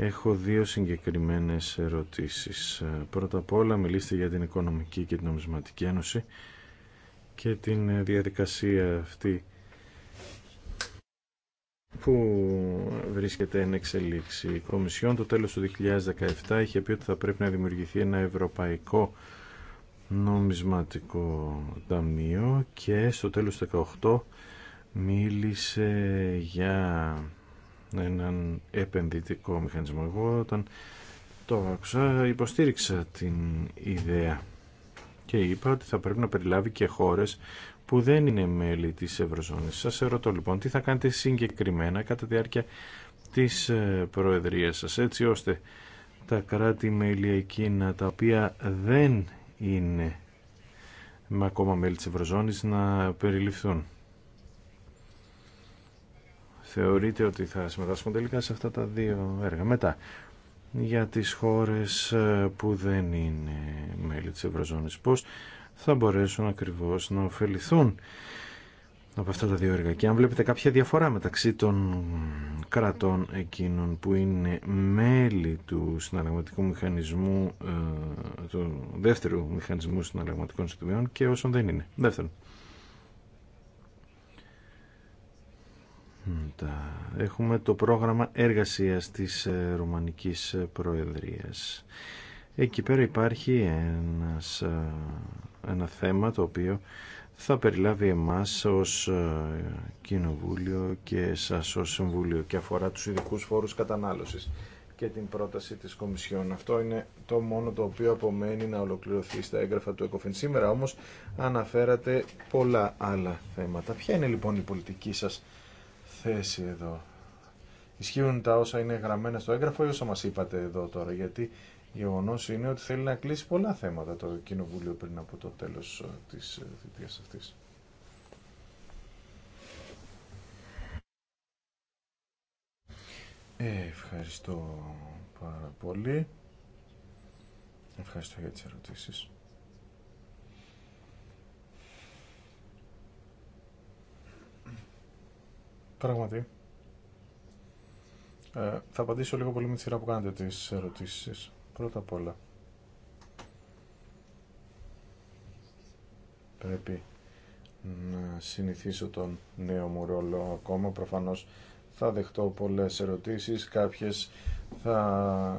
Έχω δύο συγκεκριμένες ερωτήσεις. Πρώτα απ' όλα μιλήστε για την Οικονομική και την Νομισματική Ένωση και την διαδικασία αυτή που βρίσκεται εν εξελίξη. Η Κομισιόν το τέλος του 2017 είχε πει ότι θα πρέπει να δημιουργηθεί ένα ευρωπαϊκό νομισματικό ταμείο και στο τέλος του 2018 μίλησε για έναν επενδυτικό μηχανισμό. Εγώ όταν το άκουσα υποστήριξα την ιδέα και είπα ότι θα πρέπει να περιλάβει και χώρες που δεν είναι μέλη της Ευρωζώνης. Σας ερωτώ λοιπόν τι θα κάνετε συγκεκριμένα κατά τη διάρκεια της ε, Προεδρίας σας έτσι ώστε τα κράτη-μέλη εκείνα τα οποία δεν είναι με ακόμα μέλη της Ευρωζώνης να περιληφθούν θεωρείτε ότι θα συμμετάσχουν τελικά σε αυτά τα δύο έργα. Μετά, για τις χώρες ε, που δεν είναι μέλη της Ευρωζώνης, πώς θα μπορέσουν ακριβώς να ωφεληθούν από αυτά τα δύο έργα. Και αν βλέπετε κάποια διαφορά μεταξύ των κρατών εκείνων που είναι μέλη του συναλλαγματικού μηχανισμού, ε, του δεύτερου μηχανισμού συναλλαγματικών συντομιών και όσων δεν είναι. Δεύτερον. Έχουμε το πρόγραμμα εργασίας της ε, Ρουμανικής ε, Προεδρίας. Εκεί πέρα υπάρχει ένας, ε, ένα θέμα το οποίο θα περιλάβει εμάς ως Κοινοβούλιο και εσάς ως Συμβούλιο και αφορά τους ειδικού φόρους κατανάλωσης και την πρόταση της Κομισιόν. Αυτό είναι το μόνο το οποίο απομένει να ολοκληρωθεί στα έγγραφα του ΕΚΟΦΕΝ. Σήμερα όμως αναφέρατε πολλά άλλα θέματα. Ποια είναι λοιπόν η πολιτική σας θέση εδώ. Ισχύουν τα όσα είναι γραμμένα στο έγγραφο ή όσα μας είπατε εδώ τώρα, γιατί γεγονό είναι ότι θέλει να κλείσει πολλά θέματα το Κοινοβούλιο πριν από το τέλος ε, της ε, θητείας αυτής. Ε, ευχαριστώ πάρα πολύ. Ευχαριστώ για τις ερωτήσεις. Πραγματικά, ε, θα απαντήσω λίγο πολύ με τη σειρά που κάνετε τις ερωτήσεις. Πρώτα απ' όλα. Πρέπει να συνηθίσω τον νέο μου ρόλο ακόμα. Προφανώς θα δεχτώ πολλές ερωτήσεις. Κάποιες θα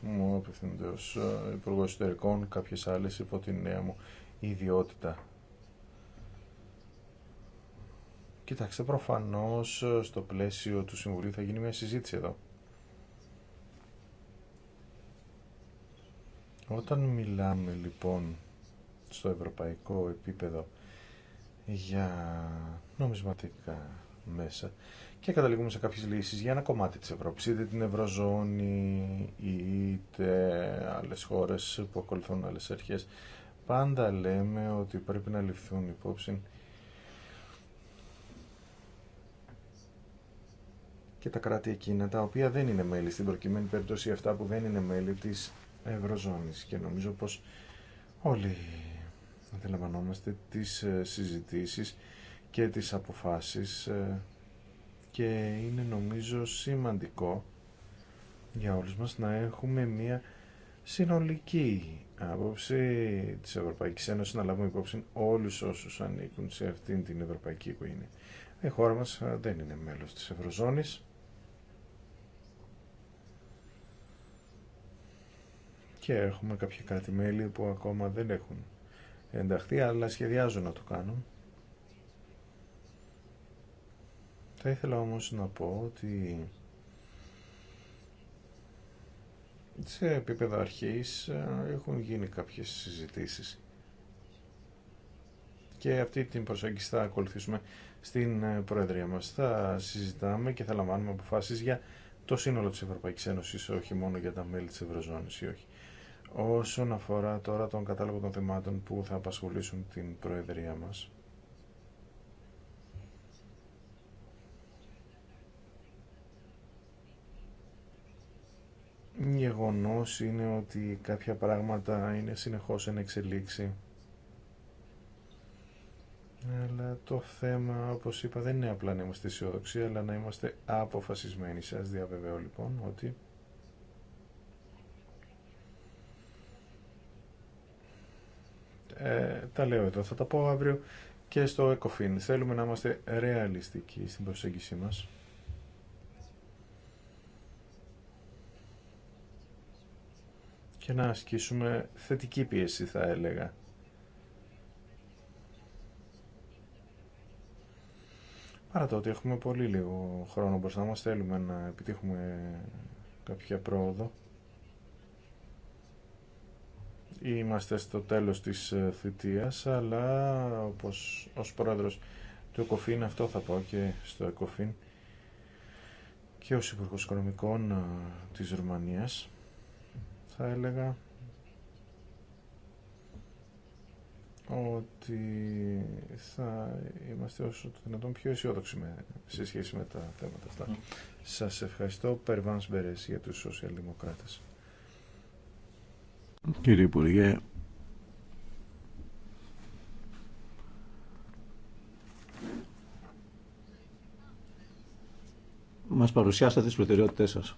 μου απευθύνονται ως ε, Υπουργό Εσωτερικών, κάποιες άλλες υπό τη νέα μου ιδιότητα Κοιτάξτε, προφανώς ε, στο πλαίσιο του Συμβουλίου θα γίνει μια συζήτηση εδώ. Όταν μιλάμε λοιπόν στο ευρωπαϊκό επίπεδο για νομισματικά μέσα και καταλήγουμε σε κάποιες λύσεις για ένα κομμάτι της Ευρώπης, είτε την Ευρωζώνη είτε άλλες χώρες που ακολουθούν άλλες αρχές, πάντα λέμε ότι πρέπει να ληφθούν υπόψη και τα κράτη εκείνα τα οποία δεν είναι μέλη, στην προκειμένη περίπτωση αυτά που δεν είναι μέλη της Ευρωζώνης. Και νομίζω πως όλοι αντιλαμβανόμαστε τις ε, συζητήσεις και τις αποφάσεις ε, και είναι νομίζω σημαντικό για όλους μας να έχουμε μία συνολική άποψη της Ευρωπαϊκής Ένωσης να λάβουμε υπόψη όλους όσους ανήκουν σε αυτήν την Ευρωπαϊκή οικογένεια. Η χώρα μας ε, δεν είναι μέλος της Ευρωζώνης και έχουμε κάποια κράτη-μέλη που ακόμα δεν έχουν ενταχθεί αλλά σχεδιάζουν να το κάνουν. Θα ήθελα όμως να πω ότι σε επίπεδο αρχής ε, έχουν γίνει κάποιες συζητήσεις και αυτή την προσέγγιση θα ακολουθήσουμε στην ε, Προεδρία μας. Θα συζητάμε και θα λαμβάνουμε αποφάσεις για το σύνολο της Ευρωπαϊκής Ένωσης, όχι μόνο για τα μέλη της Ευρωζώνης ή όχι. Όσον αφορά τώρα τον κατάλογο των θεμάτων που θα απασχολήσουν την Προεδρία μας, γεγονό είναι ότι κάποια πράγματα είναι συνεχώς εν εξελίξη. Αλλά το θέμα, όπως είπα, δεν είναι απλά να είμαστε αισιοδοξοί, αλλά να είμαστε αποφασισμένοι. Σας διαβεβαιώ λοιπόν ότι Ε, τα λέω εδώ, θα τα πω αύριο και στο ECOFIN. Θέλουμε να είμαστε ρεαλιστικοί στην προσέγγιση μας. Και να ασκήσουμε θετική πίεση θα έλεγα. Παρά το ότι έχουμε πολύ λίγο χρόνο μπροστά μας, θέλουμε να επιτύχουμε κάποια πρόοδο είμαστε στο τέλος της ε, θητείας, αλλά όπως ως πρόεδρος του ΕΚΟΦΗΝ αυτό θα πω και στο ΕΚΟΦΗΝ και ως υπουργό Οικονομικών ε, της Ρουμανίας θα έλεγα ότι θα είμαστε όσο το δυνατόν πιο αισιόδοξοι με, σε σχέση με τα θέματα αυτά. Mm. Σας ευχαριστώ, Περβάνς Μπερές, για τους σοσιαλδημοκράτες. Κύριε Υπουργέ, μας παρουσιάσατε τις προτεραιότητές σας.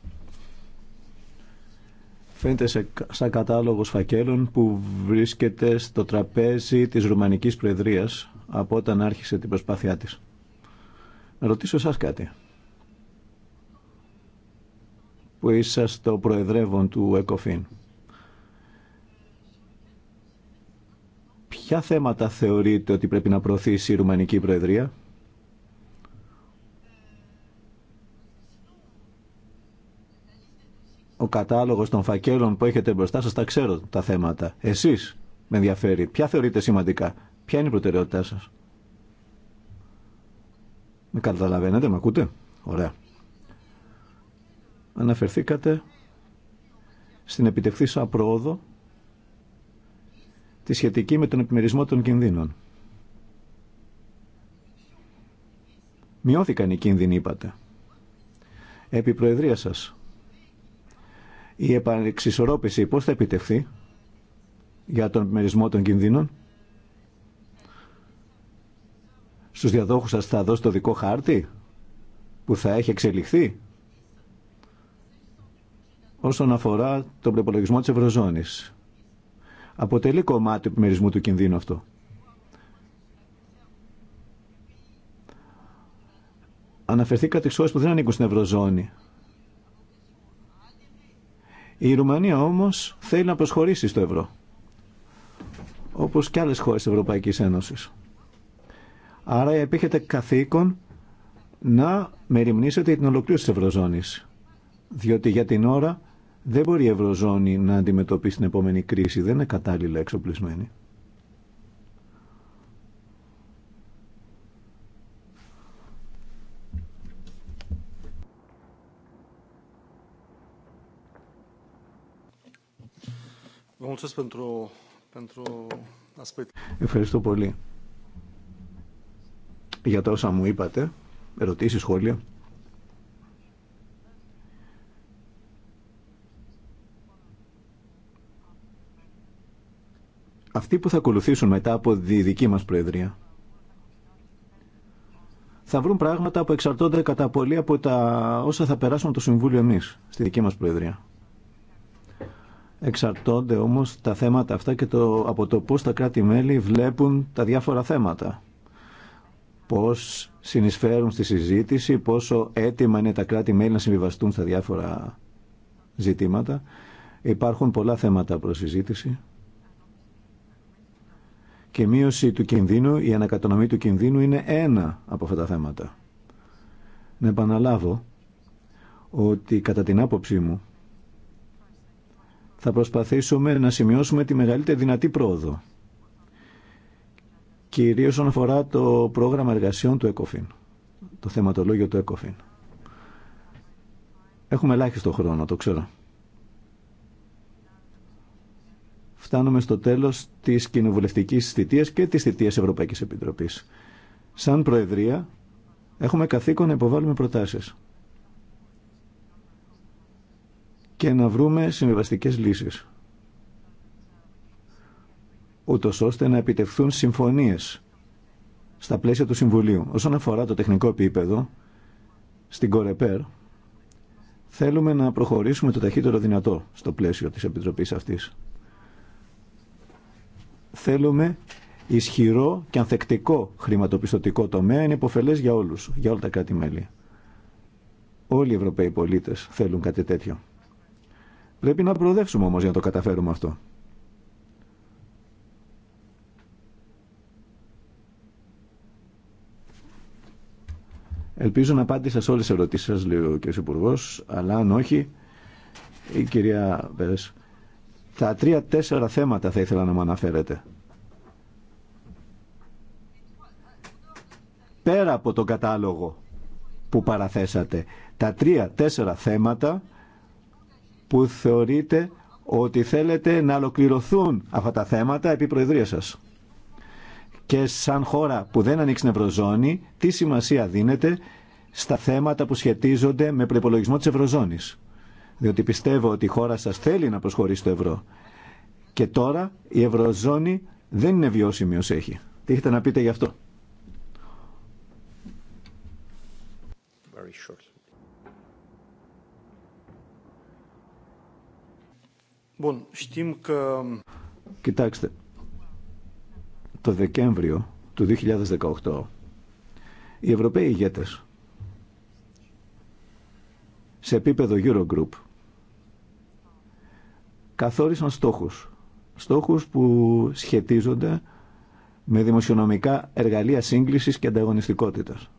Φαίνεται σαν κατάλογος φακέλων που βρίσκεται στο τραπέζι της Ρουμανικής Προεδρίας από όταν άρχισε την προσπάθειά της. Να ρωτήσω σας κάτι. Που είσαστε ο προεδρεύων του ΕΚΟΦΗΝ. Ποια θέματα θεωρείτε ότι πρέπει να προωθήσει η Ρουμανική Προεδρία? Ο κατάλογος των φακέλων που έχετε μπροστά σας τα ξέρω τα θέματα. Εσείς με ενδιαφέρει. Ποια θεωρείτε σημαντικά. Ποια είναι η προτεραιότητά σας. Με καταλαβαίνετε, με ακούτε. Ωραία. Αναφερθήκατε στην επιτευχθήσα πρόοδο τη σχετική με τον επιμερισμό των κινδύνων. Μειώθηκαν οι κίνδυνοι, είπατε. Επί προεδρία σας, η επανεξισορρόπηση πώς θα επιτευχθεί για τον επιμερισμό των κινδύνων. Στους διαδόχους σας θα δώσει το δικό χάρτη που θα έχει εξελιχθεί όσον αφορά τον προπολογισμό της Ευρωζώνης αποτελεί κομμάτι επιμερισμού του κινδύνου αυτό. Αναφερθήκατε στι χώρε που δεν ανήκουν στην Ευρωζώνη. Η Ρουμανία όμως θέλει να προσχωρήσει στο ευρώ. Όπως και άλλες χώρες της Ευρωπαϊκής Ένωσης. Άρα υπήρχε καθήκον να μεριμνήσετε την ολοκλήρωση της Ευρωζώνης. Διότι για την ώρα δεν μπορεί η Ευρωζώνη να αντιμετωπίσει την επόμενη κρίση, δεν είναι κατάλληλα εξοπλισμένη. Ευχαριστώ πολύ για τα όσα μου είπατε, ερωτήσεις, σχόλια. αυτοί που θα ακολουθήσουν μετά από τη δική μας Προεδρία θα βρουν πράγματα που εξαρτώνται κατά πολύ από τα όσα θα περάσουν το Συμβούλιο εμείς στη δική μας Προεδρία. Εξαρτώνται όμως τα θέματα αυτά και το, από το πώς τα κράτη-μέλη βλέπουν τα διάφορα θέματα. Πώς συνεισφέρουν στη συζήτηση, πόσο έτοιμα είναι τα κράτη-μέλη να συμβιβαστούν στα διάφορα ζητήματα. Υπάρχουν πολλά θέματα προς συζήτηση και μείωση του κινδύνου, η ανακατανομή του κινδύνου είναι ένα από αυτά τα θέματα. Να επαναλάβω ότι κατά την άποψή μου θα προσπαθήσουμε να σημειώσουμε τη μεγαλύτερη δυνατή πρόοδο. Κυρίως όσον αφορά το πρόγραμμα εργασιών του ΕΚΟΦΗΝ, το θεματολόγιο του ΕΚΟΦΗΝ. Έχουμε ελάχιστο χρόνο, το ξέρω. φτάνουμε στο τέλος της κοινοβουλευτικής θητείας και της θητείας Ευρωπαϊκής Επιτροπής. Σαν Προεδρία έχουμε καθήκον να υποβάλουμε προτάσεις και να βρούμε συμβιβαστικές λύσεις ούτω ώστε να επιτευχθούν συμφωνίες στα πλαίσια του Συμβουλίου. Όσον αφορά το τεχνικό επίπεδο, στην Κορεπέρ, θέλουμε να προχωρήσουμε το ταχύτερο δυνατό στο πλαίσιο της Επιτροπής αυτής. Θέλουμε ισχυρό και ανθεκτικό χρηματοπιστωτικό τομέα. Είναι υποφελές για όλους, για όλα τα κράτη-μέλη. Όλοι οι Ευρωπαίοι πολίτες θέλουν κάτι τέτοιο. Πρέπει να προοδεύσουμε όμως για να το καταφέρουμε αυτό. Ελπίζω να απάντησα σε όλες τις ερωτήσεις σας, λέει ο κ. Υπουργός, αλλά αν όχι, η κυρία Βέρες. Τα τρία-τέσσερα θέματα θα ήθελα να μου αναφέρετε. Πέρα από τον κατάλογο που παραθέσατε, τα τρία-τέσσερα θέματα που θεωρείτε ότι θέλετε να ολοκληρωθούν αυτά τα θέματα επί Προεδρία σας. Και σαν χώρα που δεν ανοίξει την Ευρωζώνη, τι σημασία δίνεται στα θέματα που σχετίζονται με προπολογισμό της Ευρωζώνης διότι πιστεύω ότι η χώρα σας θέλει να προσχωρήσει το ευρώ. Και τώρα η ευρωζώνη δεν είναι βιώσιμη ως έχει. Τι έχετε να πείτε γι' αυτό. Very short. Κοιτάξτε, το Δεκέμβριο του 2018 οι Ευρωπαίοι ηγέτες σε επίπεδο Eurogroup καθόρισαν στόχους. Στόχους που σχετίζονται με δημοσιονομικά εργαλεία σύγκλησης και ανταγωνιστικότητας.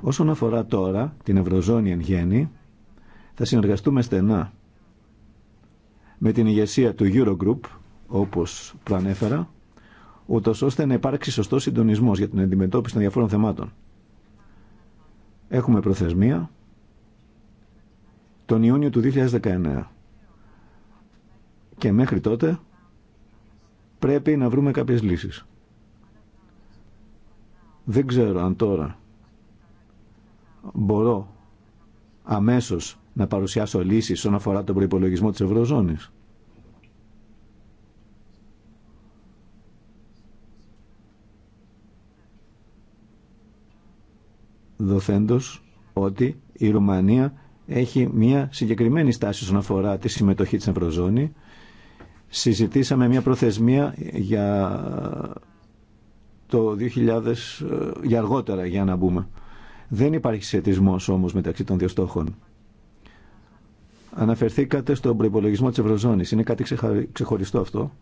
Όσον αφορά τώρα την Ευρωζώνη εν γέννη, θα συνεργαστούμε στενά με την ηγεσία του Eurogroup, όπως προανέφερα, ούτω ώστε να υπάρξει σωστό συντονισμό για την αντιμετώπιση των διαφόρων θεμάτων. Έχουμε προθεσμία τον Ιούνιο του 2019. Και μέχρι τότε πρέπει να βρούμε κάποιες λύσεις. Δεν ξέρω αν τώρα μπορώ αμέσως να παρουσιάσω λύσεις όσον αφορά τον προϋπολογισμό της Ευρωζώνης. Δοθέντος ότι η Ρουμανία έχει μια συγκεκριμένη στάση όσον αφορά τη συμμετοχή της Ευρωζώνης συζητήσαμε μια προθεσμία για το 2000, για αργότερα για να μπούμε. Δεν υπάρχει σχετισμός όμως μεταξύ των δύο στόχων. Αναφερθήκατε στον προπολογισμό της Ευρωζώνης. Είναι κάτι ξεχωριστό αυτό.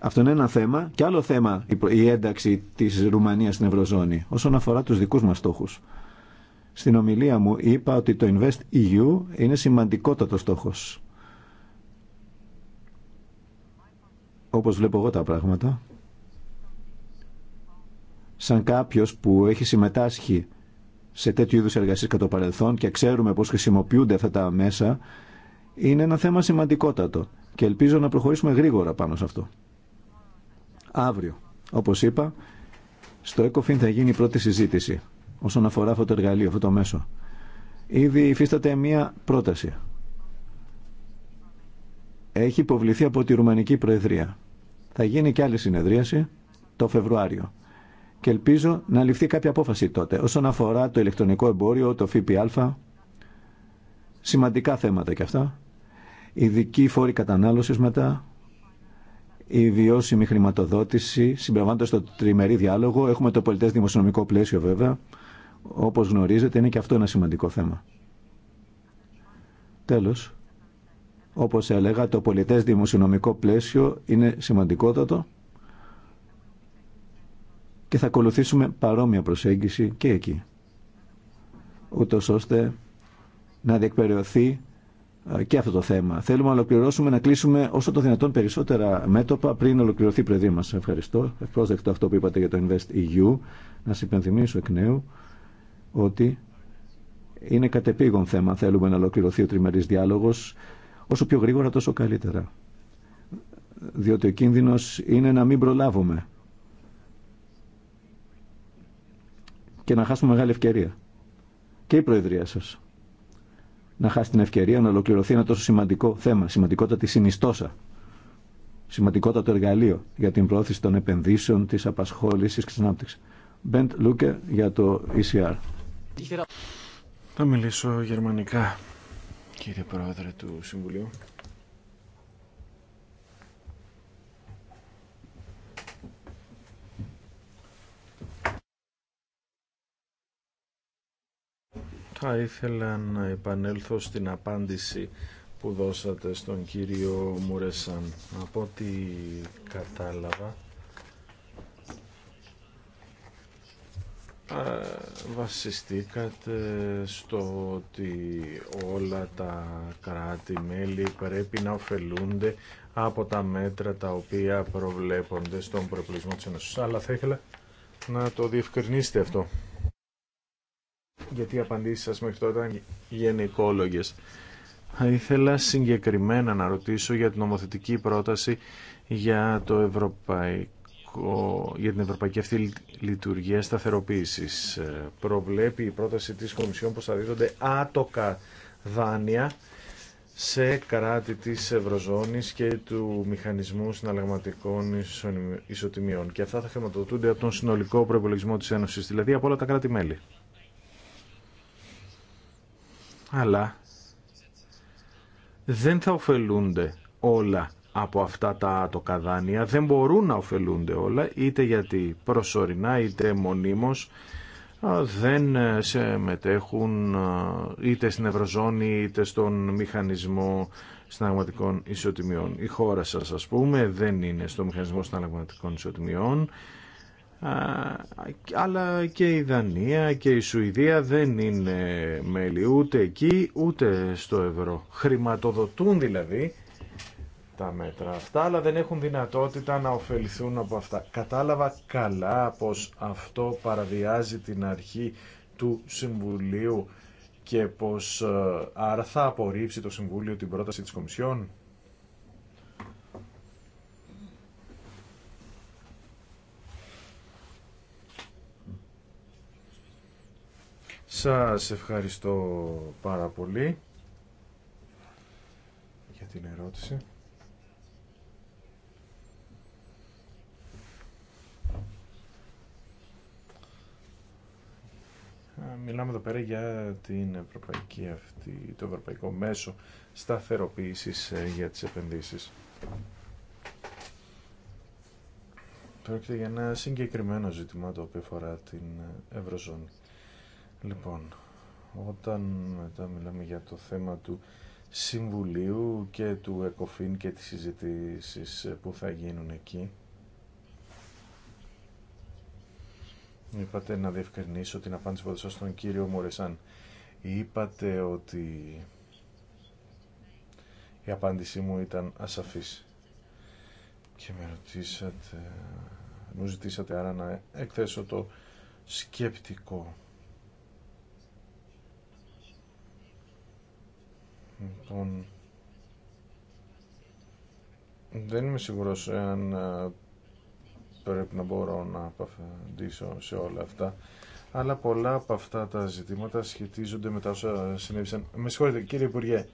Αυτό είναι ένα θέμα. Και άλλο θέμα η ένταξη της Ρουμανίας στην Ευρωζώνη όσον αφορά τους δικούς μας στόχους. Στην ομιλία μου είπα ότι το Invest EU είναι σημαντικότατο στόχος όπως βλέπω εγώ τα πράγματα, σαν κάποιος που έχει συμμετάσχει σε τέτοιου είδους εργασίες κατά το παρελθόν και ξέρουμε πώς χρησιμοποιούνται αυτά τα μέσα, είναι ένα θέμα σημαντικότατο και ελπίζω να προχωρήσουμε γρήγορα πάνω σε αυτό. Αύριο, όπως είπα, στο ΕΚΟΦΗΝ θα γίνει η πρώτη συζήτηση όσον αφορά αυτό το εργαλείο, αυτό το μέσο. Ήδη υφίσταται μία πρόταση έχει υποβληθεί από τη Ρουμανική Προεδρία. Θα γίνει και άλλη συνεδρίαση το Φεβρουάριο. Και ελπίζω να ληφθεί κάποια απόφαση τότε. Όσον αφορά το ηλεκτρονικό εμπόριο, το ΦΠΑ, σημαντικά θέματα και αυτά. Ειδικοί φόροι κατανάλωση μετά, η βιώσιμη χρηματοδότηση, συμπεριλαμβάνοντα το τριμερή διάλογο. Έχουμε το πολιτέ δημοσιονομικό πλαίσιο βέβαια. Όπω γνωρίζετε, είναι και αυτό ένα σημαντικό θέμα. Τέλο, όπως έλεγα, το πολιτές δημοσιονομικό πλαίσιο είναι σημαντικότατο και θα ακολουθήσουμε παρόμοια προσέγγιση και εκεί. Ούτως ώστε να διεκπαιρεωθεί και αυτό το θέμα. Θέλουμε να ολοκληρώσουμε, να κλείσουμε όσο το δυνατόν περισσότερα μέτωπα πριν ολοκληρωθεί η πρεδία μα. Ευχαριστώ. Ευπρόσδεκτο αυτό που είπατε για το Invest EU. Να σα υπενθυμίσω εκ νέου ότι είναι κατεπήγον θέμα. Θέλουμε να ολοκληρωθεί ο τριμερής διάλογο. Όσο πιο γρήγορα τόσο καλύτερα. Διότι ο κίνδυνος είναι να μην προλάβουμε και να χάσουμε μεγάλη ευκαιρία. Και η Προεδρία σας να χάσει την ευκαιρία να ολοκληρωθεί ένα τόσο σημαντικό θέμα, σημαντικότατη συνιστόσα, σημαντικότατο εργαλείο για την πρόθεση των επενδύσεων, της απασχόλησης και της ανάπτυξης. Μπεντ Λούκε για το ECR. Θα μιλήσω γερμανικά. Κύριε Πρόεδρε του Συμβουλίου. Θα ήθελα να επανέλθω στην απάντηση που δώσατε στον κύριο Μουρεσάν. Από ό,τι κατάλαβα, βασιστήκατε στο ότι όλα τα κράτη-μέλη πρέπει να ωφελούνται από τα μέτρα τα οποία προβλέπονται στον προεπλογισμό της Ένωσης. Αλλά θα ήθελα να το διευκρινίσετε αυτό. Γιατί οι απαντήσεις σας μέχρι τώρα ήταν γενικόλογες. Θα ήθελα συγκεκριμένα να ρωτήσω για την νομοθετική πρόταση για το Ευρωπαϊκό για την ευρωπαϊκή αυτή λειτουργία σταθεροποίηση ε, Προβλέπει η πρόταση της Κομισιόν πως θα δίδονται άτοκα δάνεια σε κράτη τη Ευρωζώνη και του Μηχανισμού Συναλλαγματικών Ισοτιμιών. Και αυτά θα χρηματοδοτούνται από τον συνολικό προπολογισμό της Ένωσης, δηλαδή από όλα τα κράτη-μέλη. Αλλά δεν θα ωφελούνται όλα από αυτά τα άτοκα δεν μπορούν να ωφελούνται όλα είτε γιατί προσωρινά είτε μονίμως δεν ε, σε μετέχουν είτε στην Ευρωζώνη είτε στον μηχανισμό συναλλαγματικών ισοτιμιών. Η χώρα σας ας πούμε δεν είναι στο μηχανισμό συναλλαγματικών ισοτιμιών αλλά και η Δανία και η Σουηδία δεν είναι μέλη ούτε εκεί ούτε στο ευρώ. Χρηματοδοτούν δηλαδή τα μέτρα αυτά, αλλά δεν έχουν δυνατότητα να ωφεληθούν από αυτά. Κατάλαβα καλά πως αυτό παραβιάζει την αρχή του Συμβουλίου και πως ε, άρα θα απορρίψει το Συμβούλιο την πρόταση της Κομισιόν. Σας ευχαριστώ πάρα πολύ για την ερώτηση. Ε, μιλάμε εδώ πέρα για την ευρωπαϊκή αυτή, το ευρωπαϊκό μέσο σταθεροποίησης ε, για τις επενδύσεις. Πρόκειται για ένα συγκεκριμένο ζήτημα το οποίο αφορά την ε, Ευρωζώνη. Λοιπόν, όταν μετά μιλάμε για το θέμα του Συμβουλίου και του ΕΚΟΦΗΝ και τις συζητήσεις που θα γίνουν εκεί, Είπατε να διευκρινίσω την απάντηση που έδωσα στον κύριο Μουρεσάν. Είπατε ότι η απάντησή μου ήταν ασαφής. Και με ρωτήσατε, μου ζητήσατε άρα να εκθέσω το σκεπτικό. Λοιπόν, δεν είμαι σίγουρος αν πρέπει να μπορώ να απαντήσω σε όλα αυτά. Αλλά πολλά από αυτά τα ζητήματα σχετίζονται με τα όσα συνέβησαν. Με συγχωρείτε κύριε Υπουργέ,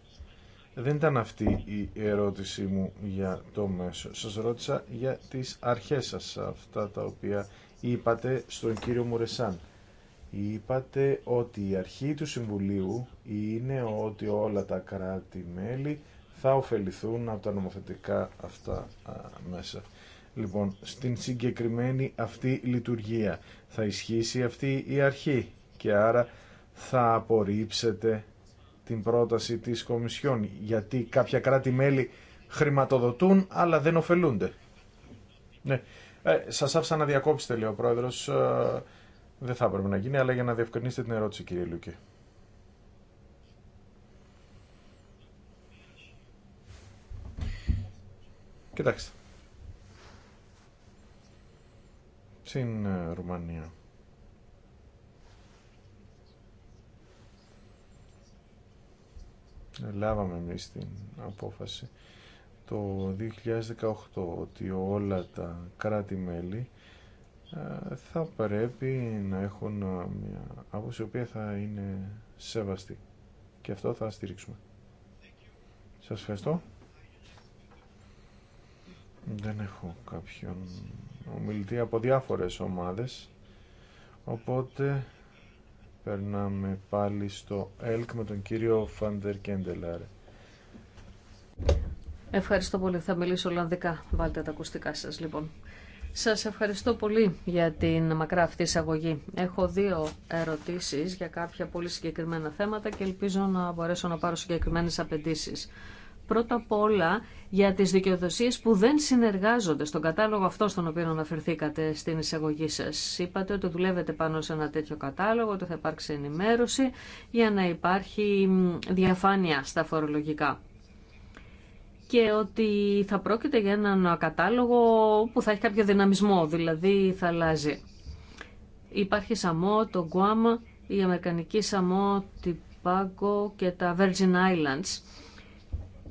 δεν ήταν αυτή η ερώτησή μου για το μέσο. Σας ρώτησα για τις αρχές σας, αυτά τα οποία είπατε στον κύριο Μουρεσάν. Είπατε ότι η αρχή του Συμβουλίου είναι ότι όλα τα κράτη-μέλη θα ωφεληθούν από τα νομοθετικά αυτά μέσα λοιπόν στην συγκεκριμένη αυτή λειτουργία. Θα ισχύσει αυτή η αρχή και άρα θα απορρίψετε την πρόταση της Κομισιόν γιατί κάποια κράτη-μέλη χρηματοδοτούν αλλά δεν ωφελούνται. Ναι. Ε, σας άφησα να διακόψετε λέει ο Πρόεδρος. Ε, δεν θα έπρεπε να γίνει αλλά για να διευκρινίσετε την ερώτηση κύριε Λουκέ. Κοιτάξτε. στην ε, Ρουμανία. Λάβαμε εμείς την απόφαση το 2018 ότι όλα τα κράτη-μέλη ε, θα πρέπει να έχουν ε, μια άποψη η οποία θα είναι σεβαστή και αυτό θα στηρίξουμε. Σας ευχαριστώ. Δεν έχω κάποιον ομιλητή από διάφορες ομάδες. Οπότε περνάμε πάλι στο ΕΛΚ με τον κύριο Φαντερ Κέντελαρ. Ευχαριστώ πολύ. Θα μιλήσω Ολλανδικά. Βάλτε τα ακουστικά σας λοιπόν. Σας ευχαριστώ πολύ για την μακρά αυτή εισαγωγή. Έχω δύο ερωτήσεις για κάποια πολύ συγκεκριμένα θέματα και ελπίζω να μπορέσω να πάρω συγκεκριμένες απαιτήσει πρώτα απ' όλα για τις δικαιοδοσίες που δεν συνεργάζονται στον κατάλογο αυτό στον οποίο αναφερθήκατε στην εισαγωγή σας. Είπατε ότι δουλεύετε πάνω σε ένα τέτοιο κατάλογο, ότι θα υπάρξει ενημέρωση για να υπάρχει διαφάνεια στα φορολογικά και ότι θα πρόκειται για έναν κατάλογο που θα έχει κάποιο δυναμισμό, δηλαδή θα αλλάζει. Υπάρχει Σαμό, το Γκουάμα, η Αμερικανική Σαμό, την Πάγκο και τα Virgin Islands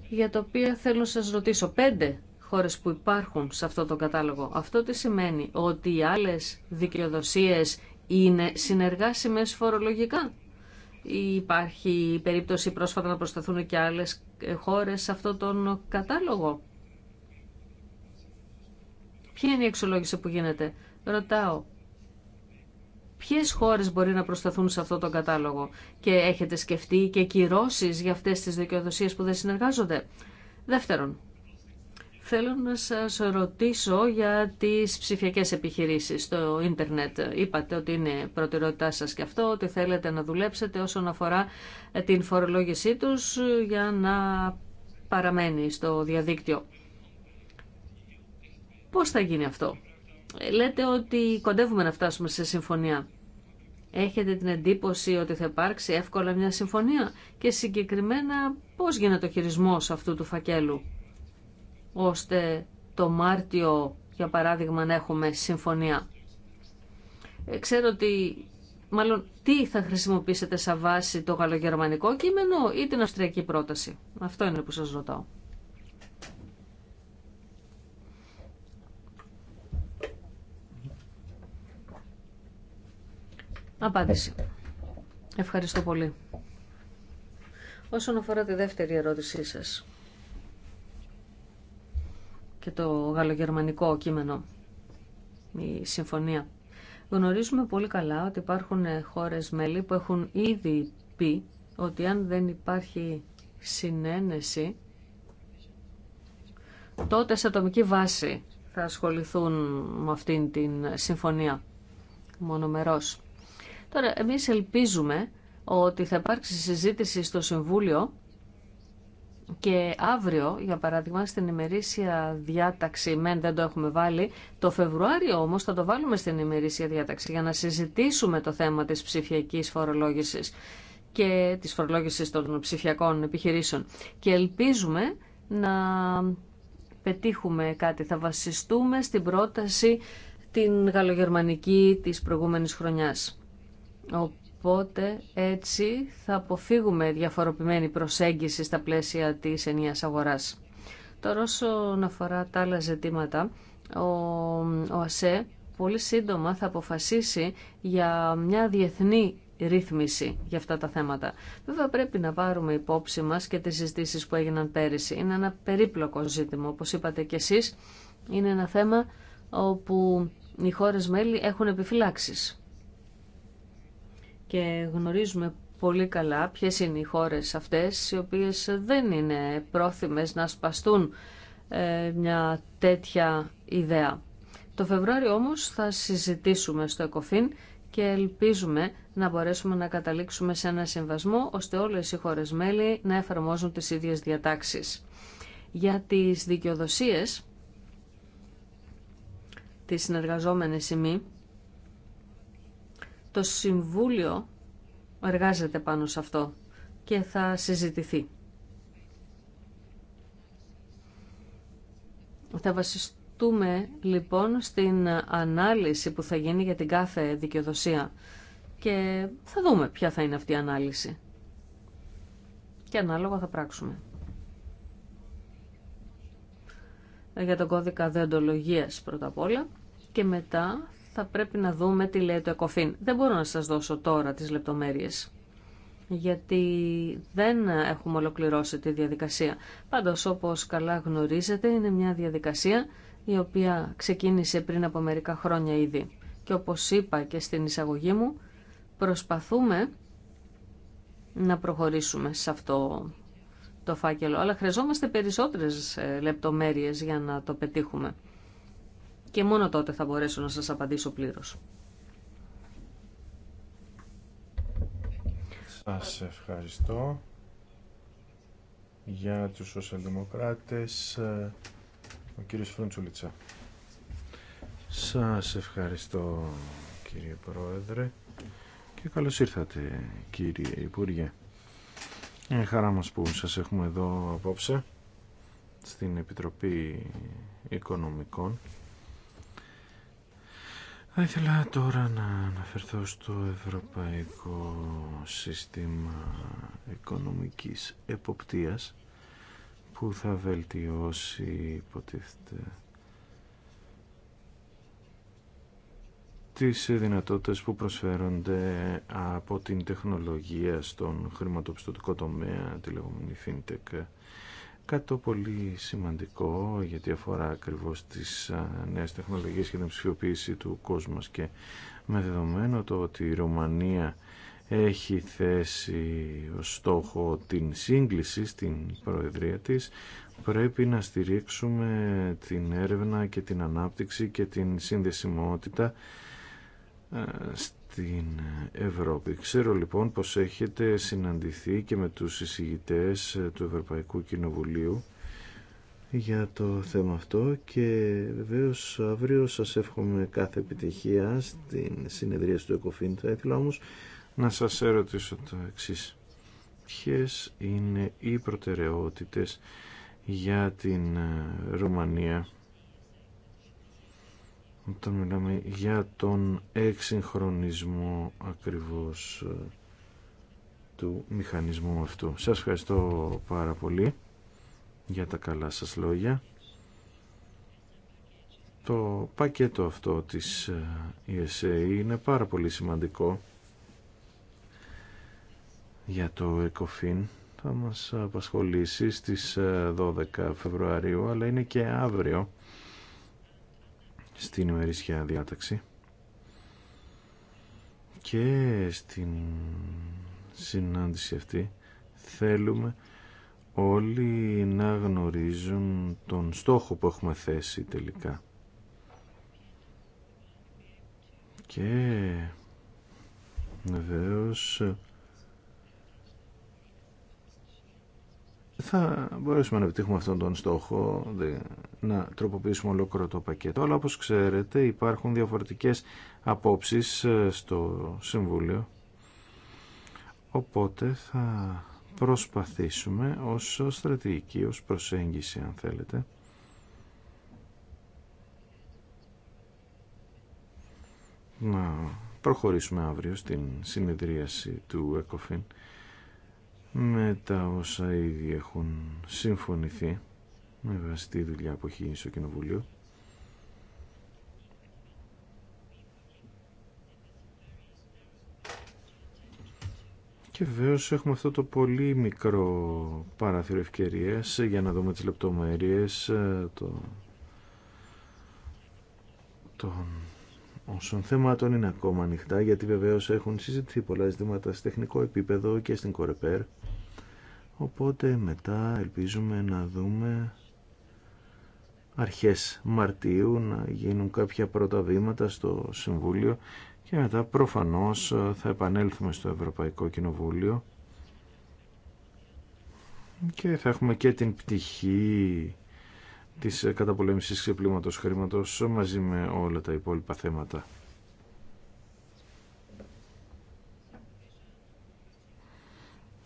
για το οποίο θέλω να σας ρωτήσω. Πέντε χώρες που υπάρχουν σε αυτό το κατάλογο. Αυτό τι σημαίνει, ότι οι άλλες δικαιοδοσίες είναι συνεργάσιμες φορολογικά. Υπάρχει περίπτωση πρόσφατα να προσταθούν και άλλες χώρες σε αυτό τον κατάλογο. Ποια είναι η εξολόγηση που γίνεται. Ρωτάω, Ποιε χώρες μπορεί να προσταθούν σε αυτό τον κατάλογο και έχετε σκεφτεί και κυρώσει για αυτές τις δικαιοδοσίε που δεν συνεργάζονται. Δεύτερον, θέλω να σας ρωτήσω για τις ψηφιακές επιχειρήσεις στο ίντερνετ. Είπατε ότι είναι προτεραιότητά σας και αυτό, ότι θέλετε να δουλέψετε όσον αφορά ε, την φορολόγησή του για να παραμένει στο διαδίκτυο. Πώς θα γίνει αυτό λέτε ότι κοντεύουμε να φτάσουμε σε συμφωνία. Έχετε την εντύπωση ότι θα υπάρξει εύκολα μια συμφωνία και συγκεκριμένα πώς γίνεται ο χειρισμός αυτού του φακέλου ώστε το Μάρτιο για παράδειγμα να έχουμε συμφωνία. Ε, ξέρω ότι μάλλον τι θα χρησιμοποιήσετε σαν βάση το γαλλογερμανικό κείμενο ή την αυστριακή πρόταση. Αυτό είναι που σας ρωτάω. Απάντηση. Ευχαριστώ πολύ. Όσον αφορά τη δεύτερη ερώτησή σας και το γαλλογερμανικό κείμενο, η συμφωνία, γνωρίζουμε πολύ καλά ότι υπάρχουν χώρες μέλη που έχουν ήδη πει ότι αν δεν υπάρχει συνένεση, τότε σε ατομική βάση θα ασχοληθούν με αυτήν την συμφωνία μονομερός. Τώρα, εμείς ελπίζουμε ότι θα υπάρξει συζήτηση στο Συμβούλιο και αύριο, για παράδειγμα, στην ημερήσια διάταξη, μεν δεν το έχουμε βάλει, το Φεβρουάριο όμως θα το βάλουμε στην ημερήσια διάταξη για να συζητήσουμε το θέμα της ψηφιακής φορολόγησης και της φορολόγησης των ψηφιακών επιχειρήσεων. Και ελπίζουμε να πετύχουμε κάτι. Θα βασιστούμε στην πρόταση την γαλλογερμανική της προηγούμενης χρονιάς. Οπότε έτσι θα αποφύγουμε διαφοροποιημένη προσέγγιση στα πλαίσια της ενίας αγοράς. Τώρα όσον αφορά τα άλλα ζητήματα, ο, ο ΑΣΕ πολύ σύντομα θα αποφασίσει για μια διεθνή ρύθμιση για αυτά τα θέματα. Βέβαια πρέπει να πάρουμε υπόψη μας και τις συζητήσεις που έγιναν πέρυσι. Είναι ένα περίπλοκο ζήτημα, όπως είπατε κι εσείς. Είναι ένα θέμα όπου οι χώρες μέλη έχουν επιφυλάξεις και γνωρίζουμε πολύ καλά ποιες είναι οι χώρες αυτές οι οποίες δεν είναι πρόθυμες να σπαστούν ε, μια τέτοια ιδέα. Το Φεβρουάριο όμως θα συζητήσουμε στο ΕΚΟΦΗΝ και ελπίζουμε να μπορέσουμε να καταλήξουμε σε ένα συμβασμό ώστε όλες οι χώρες μέλη να εφαρμόζουν τις ίδιες διατάξεις. Για τις δικαιοδοσίες, τις συνεργαζόμενες ημί, το Συμβούλιο εργάζεται πάνω σε αυτό και θα συζητηθεί. Θα βασιστούμε λοιπόν στην ανάλυση που θα γίνει για την κάθε δικαιοδοσία και θα δούμε ποια θα είναι αυτή η ανάλυση. Και ανάλογα θα πράξουμε. Για τον κώδικα δεοντολογίας πρώτα απ' όλα και μετά θα πρέπει να δούμε τι λέει το ΕΚΟΦΗΝ. Δεν μπορώ να σας δώσω τώρα τις λεπτομέρειες, γιατί δεν έχουμε ολοκληρώσει τη διαδικασία. Πάντως, όπως καλά γνωρίζετε, είναι μια διαδικασία η οποία ξεκίνησε πριν από μερικά χρόνια ήδη. Και όπως είπα και στην εισαγωγή μου, προσπαθούμε να προχωρήσουμε σε αυτό το φάκελο. Αλλά χρειαζόμαστε περισσότερες ε, λεπτομέρειες για να το πετύχουμε και μόνο τότε θα μπορέσω να σας απαντήσω πλήρως. Σας ευχαριστώ για τους σοσιαλδημοκράτες ο κύριος Φρουντσουλίτσα. Σας ευχαριστώ κύριε Πρόεδρε και καλώς ήρθατε κύριε Υπουργέ. Ε, χαρά μας που σας έχουμε εδώ απόψε στην Επιτροπή Οικονομικών θα ήθελα τώρα να αναφερθώ στο Ευρωπαϊκό Σύστημα Οικονομικής Εποπτείας που θα βελτιώσει υποτίθεται τις δυνατότητες που προσφέρονται από την τεχνολογία στον χρηματοπιστωτικό τομέα, τη λεγόμενη FinTech Κάτι πολύ σημαντικό γιατί αφορά ακριβώς τις νέες τεχνολογίες και την ψηφιοποίηση του κόσμου και με δεδομένο το ότι η Ρουμανία έχει θέσει ως στόχο την σύγκληση στην Προεδρία της πρέπει να στηρίξουμε την έρευνα και την ανάπτυξη και την συνδεσιμότητα στην Ευρώπη. Ξέρω λοιπόν πως έχετε συναντηθεί και με τους εισηγητές του Ευρωπαϊκού Κοινοβουλίου για το θέμα αυτό και βεβαίως αύριο σας εύχομαι κάθε επιτυχία στην συνεδρία του ΕΚΟΦΗΝ. Θα ήθελα όμως να σας ερωτήσω το εξή. Ποιες είναι οι προτεραιότητες για την Ρουμανία όταν μιλάμε για τον εξυγχρονισμό ακριβώς ε, του μηχανισμού αυτού. Σας ευχαριστώ πάρα πολύ για τα καλά σας λόγια. Το πακέτο αυτό της ESA ε, είναι πάρα πολύ σημαντικό για το ECOFIN. Θα μας απασχολήσει στις 12 ε, Φεβρουαρίου, αλλά είναι και αύριο στην ημερήσια διάταξη και στην συνάντηση αυτή θέλουμε όλοι να γνωρίζουν τον στόχο που έχουμε θέσει τελικά και βεβαίω θα μπορέσουμε να επιτύχουμε αυτόν τον στόχο, να τροποποιήσουμε ολόκληρο το πακέτο. Αλλά όπως ξέρετε υπάρχουν διαφορετικές απόψεις ε, στο Συμβούλιο. Οπότε θα προσπαθήσουμε ως στρατηγική, ως προσέγγιση αν θέλετε, να προχωρήσουμε αύριο στην συνεδρίαση του ΕΚΟΦΗΝ με τα όσα ήδη έχουν συμφωνηθεί με βάση τη δουλειά που έχει γίνει στο Κοινοβουλίο. Και βεβαίω έχουμε αυτό το πολύ μικρό παράθυρο ευκαιρία για να δούμε τις λεπτομέρειες ε, το, των όσων θεμάτων είναι ακόμα ανοιχτά γιατί βεβαίως έχουν συζητηθεί πολλά ζητήματα στο τεχνικό επίπεδο και στην Κορεπέρ οπότε μετά ελπίζουμε να δούμε αρχές Μαρτίου να γίνουν κάποια πρώτα βήματα στο Συμβούλιο και μετά προφανώς θα επανέλθουμε στο Ευρωπαϊκό Κοινοβούλιο και θα έχουμε και την πτυχή της ε, καταπολέμησης ξεπλήματος χρήματος μαζί με όλα τα υπόλοιπα θέματα.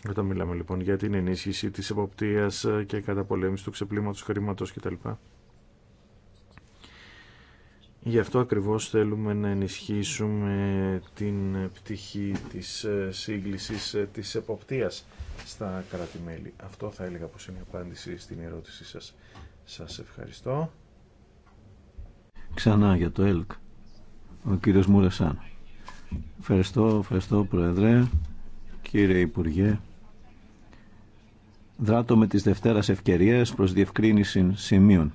Όταν μιλάμε λοιπόν για την ενίσχυση της εποπτείας και καταπολέμησης του ξεπλήματος χρήματος κτλ. Γι' αυτό ακριβώς θέλουμε να ενισχύσουμε την πτυχή της ε, σύγκλησης ε, της εποπτείας στα κράτη-μέλη. Αυτό θα έλεγα πως είναι η απάντηση στην ερώτησή σας. Σας ευχαριστώ. Ξανά για το ΕΛΚ. Ο κύριος Μουρεσάν. Ευχαριστώ, ευχαριστώ Πρόεδρε, κύριε Υπουργέ. Δράτω με τις Δευτέρας ευκαιρίες προς διευκρίνηση σημείων.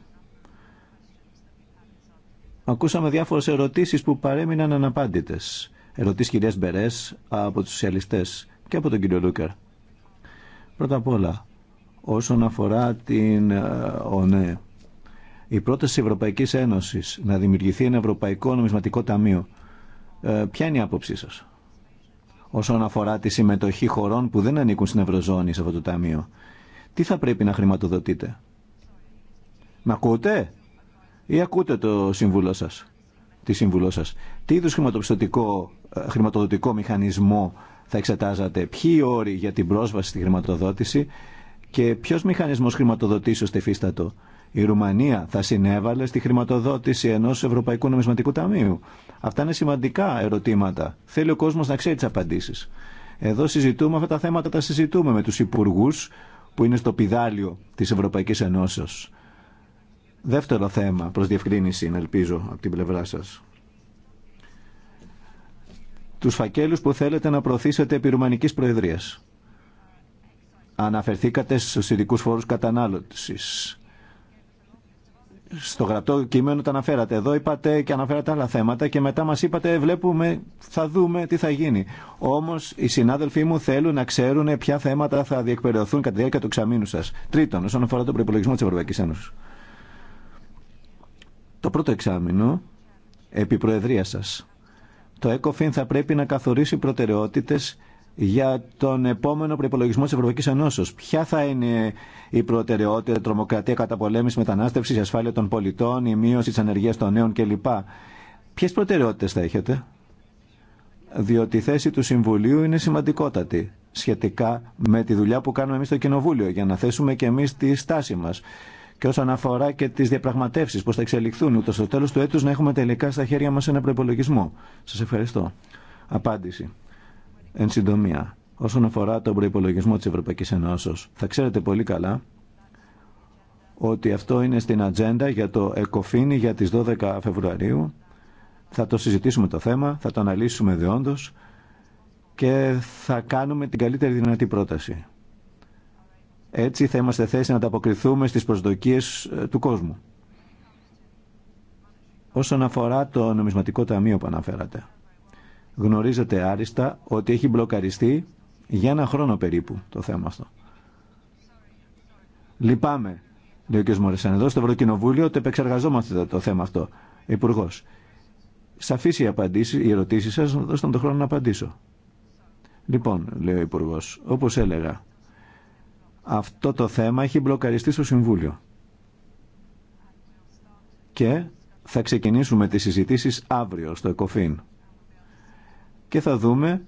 Ακούσαμε διάφορες ερωτήσεις που παρέμειναν αναπάντητες. Ερωτήσεις κυρίας Μπερές από τους σοσιαλιστές και από τον κύριο Λούκερ. Πρώτα απ' όλα, όσον αφορά την ΟΝΕ. Ναι. Η πρόταση Ευρωπαϊκής Ένωσης να δημιουργηθεί ένα Ευρωπαϊκό Νομισματικό Ταμείο. Ε, ποια είναι η άποψή σας όσον αφορά τη συμμετοχή χωρών που δεν ανήκουν στην Ευρωζώνη σε αυτό το ταμείο. Τι θα πρέπει να χρηματοδοτείτε. Με ακούτε ή ακούτε το σύμβουλό σας. Τι σύμβουλό σας. Τι είδους χρηματοπιστωτικό, ε, χρηματοδοτικό μηχανισμό θα εξετάζατε. Ποιοι όροι για την πρόσβαση στη χρηματοδότηση και ποιος μηχανισμός χρηματοδοτήσεως τεφίστατο. Η Ρουμανία θα συνέβαλε στη χρηματοδότηση ενός Ευρωπαϊκού Νομισματικού Ταμείου. Αυτά είναι σημαντικά ερωτήματα. Θέλει ο κόσμος να ξέρει τις απαντήσεις. Εδώ συζητούμε αυτά τα θέματα, τα συζητούμε με τους υπουργού που είναι στο πιδάλιο της Ευρωπαϊκή Ενώσεω. Δεύτερο θέμα προς διευκρίνηση, ελπίζω, από την πλευρά σα. Του φακέλου που θέλετε να προωθήσετε επί Ρουμανική Προεδρία. Αναφερθήκατε στους ειδικού φόρους κατανάλωσης. Στο γραπτό κείμενο τα αναφέρατε. Εδώ είπατε και αναφέρατε άλλα θέματα και μετά μας είπατε βλέπουμε, θα δούμε τι θα γίνει. Όμως οι συνάδελφοί μου θέλουν να ξέρουν ποια θέματα θα διεκπαιρεωθούν κατά τη διάρκεια του εξαμήνου σας. Τρίτον, όσον αφορά τον προπολογισμό της Ευρωπαϊκής Ένωσης. Το πρώτο εξάμεινο, επί προεδρία σας, το ΕΚΟΦΗΝ θα πρέπει να καθορίσει προτεραιότητες για τον επόμενο προπολογισμό τη Ευρωπαϊκή Ενώσεω. Ποια θα είναι η προτεραιότητα, τρομοκρατία, καταπολέμηση, μετανάστευση, η ασφάλεια των πολιτών, η μείωση τη ανεργία των νέων κλπ. Ποιε προτεραιότητε θα έχετε, διότι η θέση του Συμβουλίου είναι σημαντικότατη σχετικά με τη δουλειά που κάνουμε εμεί στο Κοινοβούλιο για να θέσουμε και εμεί τη στάση μα. Και όσον αφορά και τι διαπραγματεύσει, πώ θα εξελιχθούν, ούτω στο τέλο του έτου να έχουμε τελικά στα χέρια μα ένα προπολογισμό. Σα ευχαριστώ. Απάντηση. Εν συντομία, όσον αφορά τον προπολογισμό της Ευρωπαϊκής Ενώσεως, θα ξέρετε πολύ καλά ότι αυτό είναι στην ατζέντα για το ΕΚΟΦΗΝΗ για τις 12 Φεβρουαρίου. Θα το συζητήσουμε το θέμα, θα το αναλύσουμε διόντως και θα κάνουμε την καλύτερη δυνατή πρόταση. Έτσι θα είμαστε θέση να ανταποκριθούμε στις προσδοκίες ε, του κόσμου. Όσον αφορά το νομισματικό ταμείο που αναφέρατε. Γνωρίζετε άριστα ότι έχει μπλοκαριστεί για ένα χρόνο περίπου το θέμα αυτό. Λυπάμαι, λέει ο κ. Μωρισάν. Εδώ στο Ευρωκοινοβούλιο ότι επεξεργαζόμαστε το θέμα αυτό. Υπουργό. Σαφή η απαντήση, οι ερωτήσει σα, δώστε τον χρόνο να απαντήσω. Λοιπόν, λέει ο Υπουργό, όπω έλεγα, αυτό το θέμα έχει μπλοκαριστεί στο Συμβούλιο. Και θα ξεκινήσουμε τις συζητήσεις αύριο στο ΕΚΟΦΗΝ και θα δούμε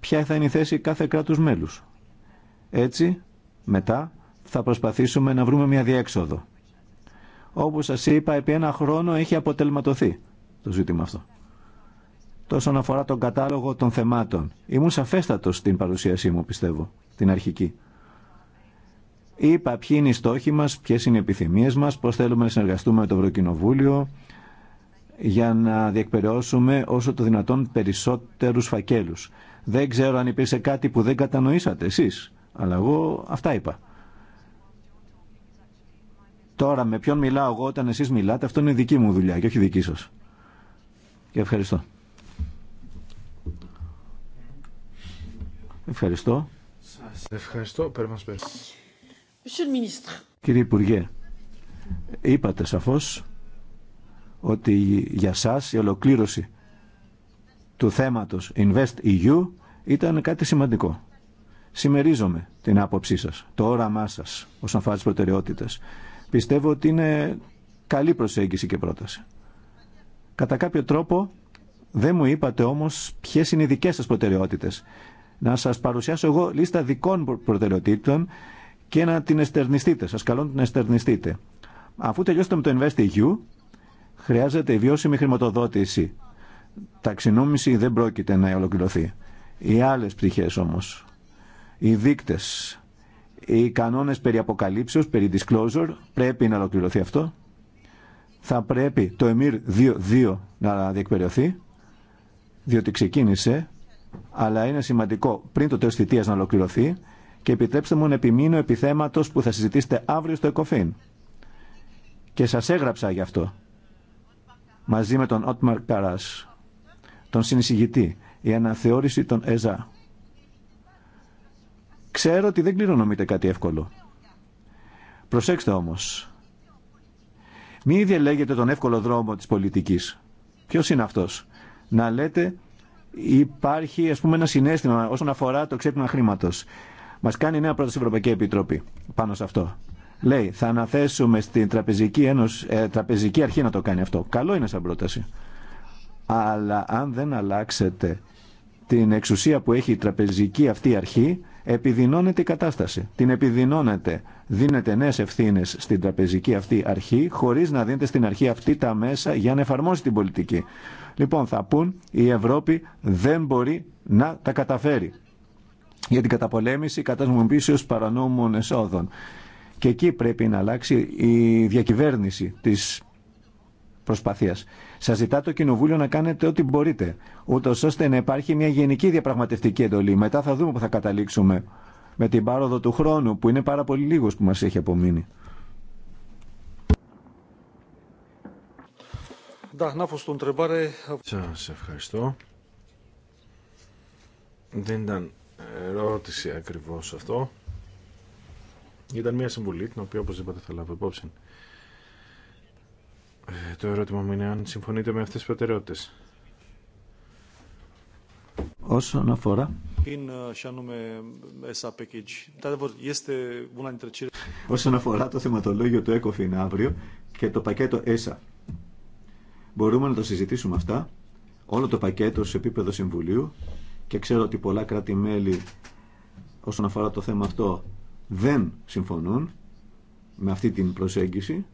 ποια θα είναι η θέση κάθε κράτους μέλους. Έτσι, μετά, θα προσπαθήσουμε να βρούμε μια διέξοδο. Όπως σας είπα, επί ένα χρόνο έχει αποτελματωθεί το ζήτημα αυτό. Τόσον αφορά τον κατάλογο των θεμάτων. Ήμουν σαφέστατος στην παρουσίασή μου, πιστεύω, την αρχική. Είπα ποιοι είναι οι στόχοι μας, ποιες είναι οι επιθυμίες μας, πώς θέλουμε να συνεργαστούμε με το Ευρωκοινοβούλιο, για να διεκπαιρεώσουμε όσο το δυνατόν περισσότερους φακέλους. Δεν ξέρω αν υπήρξε κάτι που δεν κατανοήσατε εσείς, αλλά εγώ αυτά είπα. Τώρα με ποιον μιλάω εγώ όταν εσείς μιλάτε, αυτό είναι δική μου δουλειά και όχι δική σας. Και ευχαριστώ. Ευχαριστώ. Σας ευχαριστώ. Κύριε Υπουργέ, είπατε σαφώς ότι για σας η ολοκλήρωση του θέματος Invest EU ήταν κάτι σημαντικό. Σημερίζομαι την άποψή σας, το όραμά σας όσον αφορά τις προτεραιότητες. Πιστεύω ότι είναι καλή προσέγγιση και πρόταση. Κατά κάποιο τρόπο δεν μου είπατε όμως ποιες είναι οι δικές σας προτεραιότητες. Να σας παρουσιάσω εγώ λίστα δικών προτεραιοτήτων και να την εστερνιστείτε. Σας καλώ να την εστερνιστείτε. Αφού τελειώσετε με το InvestEU, Χρειάζεται βιώσιμη χρηματοδότηση. Ταξινόμηση δεν πρόκειται να ολοκληρωθεί. Οι άλλες πτυχές όμως, οι δείκτες, οι κανόνες περί αποκαλύψεως, περί disclosure, πρέπει να ολοκληρωθεί αυτό. Θα πρέπει το 2 2.2 να διεκπεριωθεί, διότι ξεκίνησε, αλλά είναι σημαντικό πριν το τέλος θητείας να ολοκληρωθεί και επιτρέψτε μου να επιμείνω επί που θα συζητήσετε αύριο στο ΕΚΟΦΗΝ. Και σας έγραψα γι' αυτό μαζί με τον Ότμαρ Καράς, τον συνεισηγητή, η αναθεώρηση των ΕΖΑ. Ξέρω ότι δεν κληρονομείται κάτι εύκολο. Προσέξτε όμως. Μην διαλέγετε τον εύκολο δρόμο της πολιτικής. Ποιος είναι αυτός. Να λέτε υπάρχει ας πούμε ένα συνέστημα όσον αφορά το ξέπλυμα χρήματος. Μας κάνει νέα πρόταση Ευρωπαϊκή Επιτροπή πάνω σε αυτό. Λέει, θα αναθέσουμε στην τραπεζική, ένωση, ε, τραπεζική αρχή να το κάνει αυτό. Καλό είναι σαν πρόταση. Αλλά αν δεν αλλάξετε την εξουσία που έχει η τραπεζική αυτή αρχή, επιδεινώνεται η κατάσταση. Την επιδεινώνεται. Δίνεται νέε ευθύνε στην τραπεζική αυτή αρχή, χωρί να δίνετε στην αρχή αυτή τα μέσα για να εφαρμόσει την πολιτική. Λοιπόν, θα πούν η Ευρώπη δεν μπορεί να τα καταφέρει για την καταπολέμηση κατά παρανόμων εσόδων. Και εκεί πρέπει να αλλάξει η διακυβέρνηση της προσπαθίας. Σας ζητά το Κοινοβούλιο να κάνετε ό,τι μπορείτε, ούτω ώστε να υπάρχει μια γενική διαπραγματευτική εντολή. Μετά θα δούμε που θα καταλήξουμε με την πάροδο του χρόνου, που είναι πάρα πολύ λίγος που μας έχει απομείνει. Σα ευχαριστώ. Δεν ήταν ερώτηση ακριβώς αυτό. Ήταν μια συμβουλή την οποία είπατε, θα λάβω υπόψη. Ε, το ερώτημα μου είναι αν συμφωνείτε με αυτές τις προτεραιότητες. Όσον αφορά ε, Όσον αφορά το θεματολόγιο του ΕΚΟΦΗΝ αύριο και το πακέτο ΕΣΑ, μπορούμε να το συζητήσουμε αυτά, όλο το πακέτο σε επίπεδο Συμβουλίου και ξέρω ότι πολλά κράτη-μέλη όσον αφορά το θέμα αυτό δεν συμφωνούν με αυτή την προσέγγιση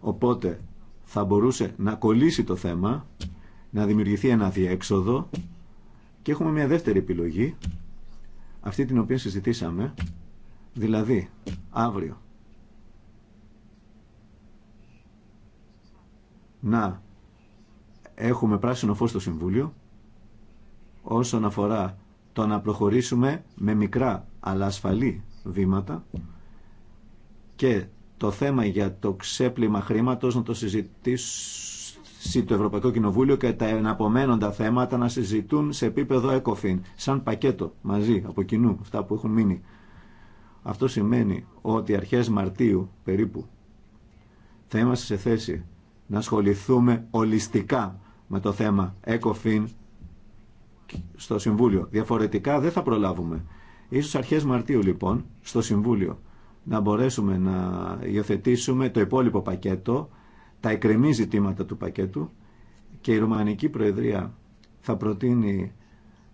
οπότε θα μπορούσε να κολλήσει το θέμα να δημιουργηθεί ένα διέξοδο και έχουμε μια δεύτερη επιλογή αυτή την οποία συζητήσαμε δηλαδή αύριο να έχουμε πράσινο φως στο Συμβούλιο όσον αφορά το να προχωρήσουμε με μικρά αλλά ασφαλή βήματα και το θέμα για το ξέπλυμα χρήματος να το συζητήσει το Ευρωπαϊκό Κοινοβούλιο και τα εναπομένοντα θέματα να συζητούν σε επίπεδο ECOFIN, σαν πακέτο μαζί, από κοινού, αυτά που έχουν μείνει. Αυτό σημαίνει ότι αρχές Μαρτίου περίπου θα είμαστε σε θέση να ασχοληθούμε ολιστικά με το θέμα ECOFIN στο Συμβούλιο. Διαφορετικά δεν θα προλάβουμε. Ίσως αρχές Μαρτίου λοιπόν στο Συμβούλιο να μπορέσουμε να υιοθετήσουμε το υπόλοιπο πακέτο, τα εκκρεμή ζητήματα του πακέτου και η Ρουμανική Προεδρία θα προτείνει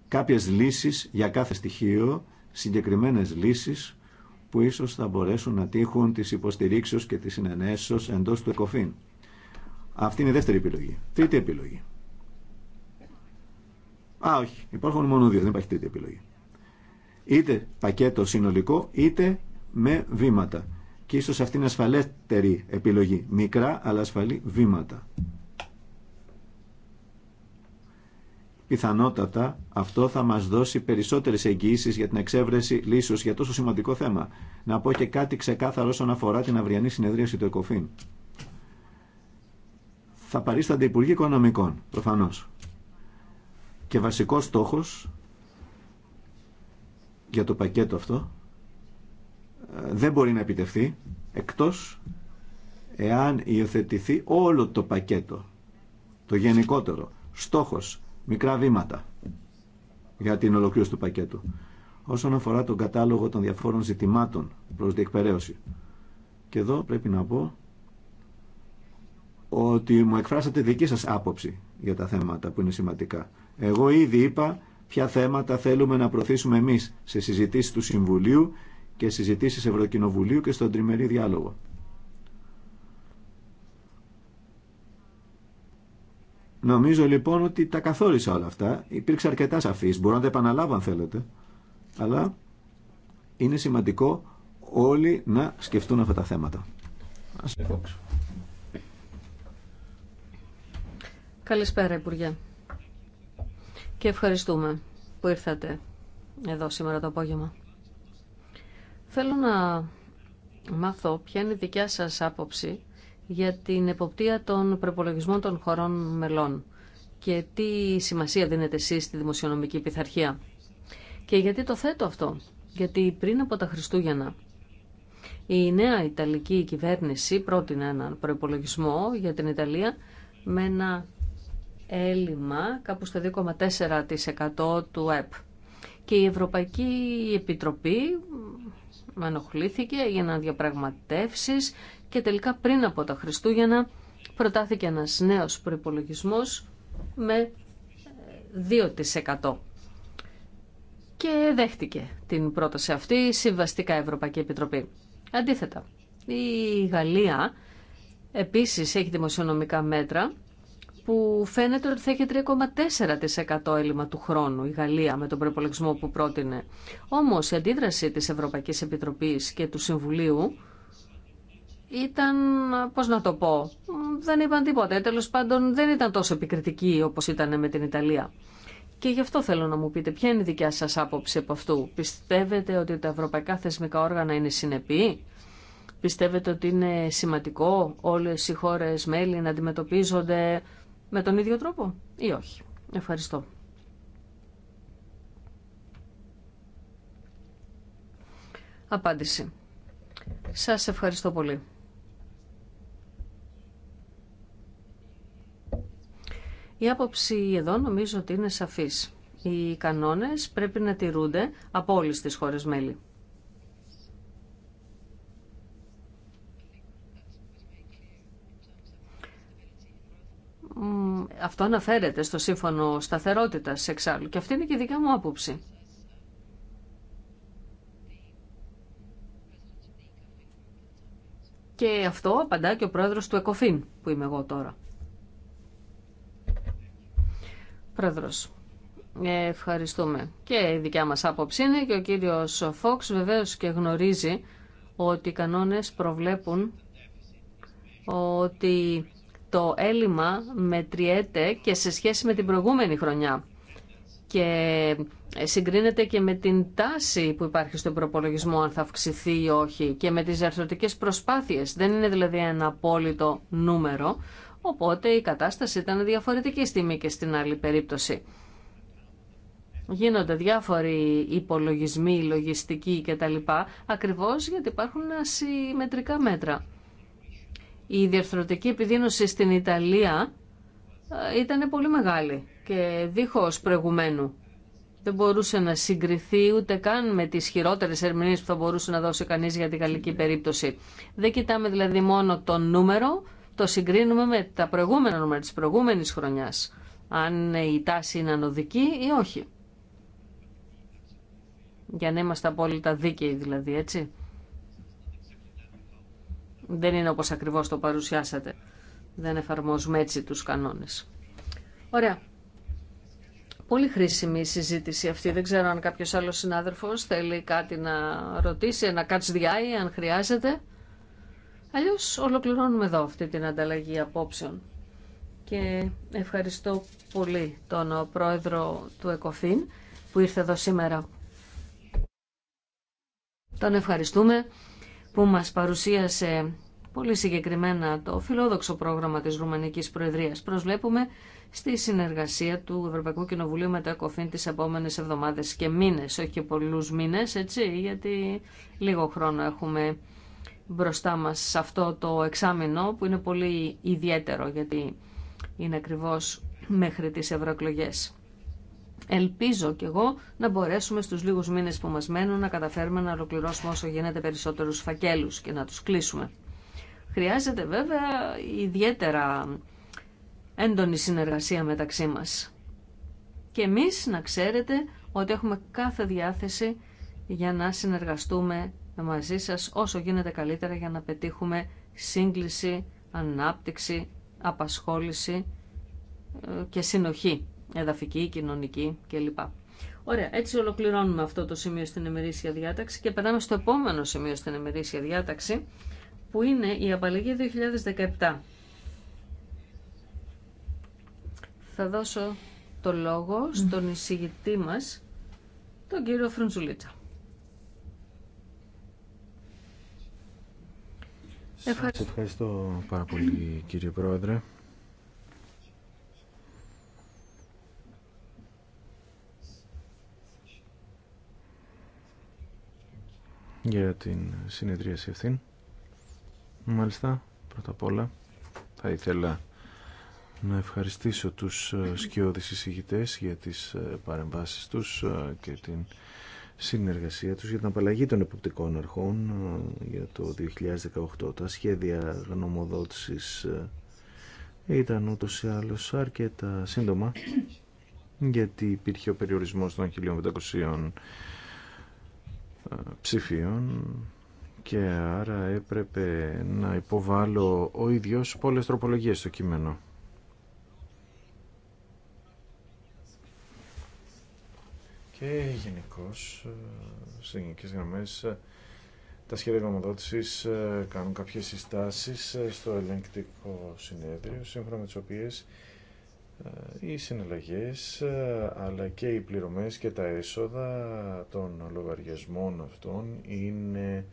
κάποιες λύσεις για κάθε στοιχείο, συγκεκριμένες λύσεις που ίσως θα μπορέσουν να τύχουν τις υποστηρίξεις και τις συνενέσεως εντός του ΕΚΟΦΗΝ. Αυτή είναι η δεύτερη επιλογή. Τρίτη επιλογή. Α, όχι. Υπάρχουν μόνο δύο. Δεν υπάρχει τρίτη επιλογή είτε πακέτο συνολικό είτε με βήματα. Και ίσως αυτή είναι ασφαλέτερη επιλογή. Μικρά αλλά ασφαλή βήματα. Πιθανότατα αυτό θα μας δώσει περισσότερες εγγυήσεις για την εξέβρεση λύσεως για τόσο σημαντικό θέμα. Να πω και κάτι ξεκάθαρο όσον αφορά την αυριανή συνεδρίαση του ΕΚΟΦΗΝ. Θα παρίστανται Υπουργοί Οικονομικών, προφανώς. Και βασικός στόχος για το πακέτο αυτό ε, δεν μπορεί να επιτευχθεί εκτός εάν υιοθετηθεί όλο το πακέτο, το γενικότερο, στόχος, μικρά βήματα για την ολοκλήρωση του πακέτου. Όσον αφορά τον κατάλογο των διαφόρων ζητημάτων προς διεκπαιρέωση. Και εδώ πρέπει να πω ότι μου εκφράσατε δική σας άποψη για τα θέματα που είναι σημαντικά. Εγώ ήδη είπα ποια θέματα θέλουμε να προωθήσουμε εμείς σε συζητήσεις του Συμβουλίου και συζητήσει Ευρωκοινοβουλίου και στον τριμερή διάλογο. Νομίζω λοιπόν ότι τα καθόρισα όλα αυτά. Υπήρξε αρκετά σαφή. Μπορώ να τα επαναλάβω αν θέλετε. Αλλά είναι σημαντικό όλοι να σκεφτούν αυτά τα θέματα. Ας Καλησπέρα Υπουργέ και ευχαριστούμε που ήρθατε εδώ σήμερα το απόγευμα. Θέλω να μάθω ποια είναι η δικιά σας άποψη για την εποπτεία των προπολογισμών των χωρών μελών και τι σημασία δίνετε εσείς στη δημοσιονομική πειθαρχία. Και γιατί το θέτω αυτό. Γιατί πριν από τα Χριστούγεννα η νέα Ιταλική κυβέρνηση πρότεινε έναν προπολογισμό για την Ιταλία με ένα έλλειμμα κάπου στο 2,4% του ΕΠ. Και η Ευρωπαϊκή Επιτροπή με για να διαπραγματεύσει και τελικά πριν από τα Χριστούγεννα προτάθηκε ένας νέος προϋπολογισμός με 2%. Ε, και δέχτηκε την πρόταση αυτή η Συμβαστικά Ευρωπαϊκή Επιτροπή. Αντίθετα, η Γαλλία επίσης έχει δημοσιονομικά μέτρα που φαίνεται ότι θα έχει 3,4% έλλειμμα του χρόνου η Γαλλία με τον προπολογισμό που πρότεινε. Όμως η αντίδραση της Ευρωπαϊκής Επιτροπής και του Συμβουλίου ήταν, πώς να το πω, δεν είπαν τίποτα. Ε, τέλος πάντων δεν ήταν τόσο επικριτική όπως ήταν με την Ιταλία. Και γι' αυτό θέλω να μου πείτε ποια είναι η δικιά σας άποψη από αυτού. Πιστεύετε ότι τα ευρωπαϊκά θεσμικά όργανα είναι συνεπή. Πιστεύετε ότι είναι σημαντικό όλες οι χώρες μέλη να αντιμετωπίζονται με τον ίδιο τρόπο ή όχι. Ευχαριστώ. Απάντηση. Σας ευχαριστώ πολύ. Η άποψη εδώ νομίζω ότι είναι σαφής. Οι κανόνες πρέπει να τηρούνται από όλες τις χώρες μέλη. Αυτό αναφέρεται στο σύμφωνο σταθερότητας εξάλλου και αυτή είναι και η δικιά μου άποψη. Και αυτό απαντά και ο πρόεδρος του ΕΚΟΦΗΝ που είμαι εγώ τώρα. Πρόεδρος, ε, ευχαριστούμε. Και η δικιά μας άποψη είναι και ο κύριος Φόξ βεβαίως και γνωρίζει ότι οι κανόνες προβλέπουν ότι το έλλειμμα μετριέται και σε σχέση με την προηγούμενη χρονιά και ε, συγκρίνεται και με την τάση που υπάρχει στον προπολογισμό αν θα αυξηθεί ή όχι και με τις διαρθρωτικές προσπάθειες. Δεν είναι δηλαδή ένα απόλυτο νούμερο, οπότε η κατάσταση ήταν διαφορετική στη μή και στην άλλη περίπτωση. Γίνονται διάφοροι υπολογισμοί, λογιστικοί κτλ. ακριβώς γιατί υπάρχουν ασυμμετρικά μέτρα η διαρθρωτική επιδείνωση στην Ιταλία ε, ήταν πολύ μεγάλη και δίχως προηγουμένου. Δεν μπορούσε να συγκριθεί ούτε καν με τις χειρότερες ερμηνείες που θα μπορούσε να δώσει κανείς για την γαλλική περίπτωση. Δεν κοιτάμε δηλαδή μόνο το νούμερο, το συγκρίνουμε με τα προηγούμενα νούμερα της προηγούμενης χρονιάς. Αν η τάση είναι ανωδική ή όχι. Για να είμαστε απόλυτα δίκαιοι δηλαδή, έτσι. Δεν είναι όπως ακριβώς το παρουσιάσατε. Δεν εφαρμόζουμε έτσι τους κανόνες. Ωραία. Πολύ χρήσιμη η συζήτηση αυτή. Δεν ξέρω αν κάποιος άλλος συνάδελφος θέλει κάτι να ρωτήσει, ένα κάτσει the αν χρειάζεται. Αλλιώς ολοκληρώνουμε εδώ αυτή την ανταλλαγή απόψεων. Και ευχαριστώ πολύ τον πρόεδρο του ΕΚΟΦΗΝ που ήρθε εδώ σήμερα. Τον ευχαριστούμε που μας παρουσίασε πολύ συγκεκριμένα το φιλόδοξο πρόγραμμα της Ρουμανικής Προεδρίας. Προσβλέπουμε στη συνεργασία του Ευρωπαϊκού Κοινοβουλίου με τα κοφήν τις επόμενες εβδομάδες και μήνες, όχι και πολλούς μήνες, έτσι, γιατί λίγο χρόνο έχουμε μπροστά μας σε αυτό το εξάμεινο που είναι πολύ ιδιαίτερο γιατί είναι ακριβώς μέχρι τις ευρωεκλογές ελπίζω κι εγώ να μπορέσουμε στους λίγους μήνες που μας μένουν να καταφέρουμε να ολοκληρώσουμε όσο γίνεται περισσότερους φακέλους και να τους κλείσουμε. Χρειάζεται βέβαια ιδιαίτερα έντονη συνεργασία μεταξύ μας. Και εμείς να ξέρετε ότι έχουμε κάθε διάθεση για να συνεργαστούμε μαζί σας όσο γίνεται καλύτερα για να πετύχουμε σύγκληση, ανάπτυξη, απασχόληση ε, και συνοχή εδαφική, κοινωνική κλπ. Ωραία, έτσι ολοκληρώνουμε αυτό το σημείο στην Εμερήσια διάταξη και περνάμε στο επόμενο σημείο στην Εμερήσια διάταξη που είναι η απαλλαγή 2017. Θα δώσω το λόγο στον εισηγητή μας, τον κύριο Φρουντζουλίτσα. Σας ευχαριστώ πάρα πολύ κύριε Πρόεδρε. για την συνεδρίαση αυτή. Μάλιστα, πρώτα απ' όλα θα ήθελα να ευχαριστήσω τους ε, σκιώδεις εισηγητές για τις ε, παρεμβάσεις τους ε, και την συνεργασία τους για την απαλλαγή των εποπτικών αρχών για το 2018. Τα σχέδια γνωμοδότησης ήταν ούτως ή άλλως αρκετά σύντομα γιατί υπήρχε ο περιορισμός των 1500 ψηφίων και άρα έπρεπε να υποβάλω ο ίδιος πολλές τροπολογίες στο κείμενο. Και γενικώ ε, σε γενικέ γραμμέ ε, τα σχέδια ε, κάνουν κάποιε συστάσει στο ελεγκτικό συνέδριο, σύμφωνα με τι οποίε ε, οι συναλλαγές ε, αλλά και οι πληρωμές και τα έσοδα των λογαριασμών αυτών είναι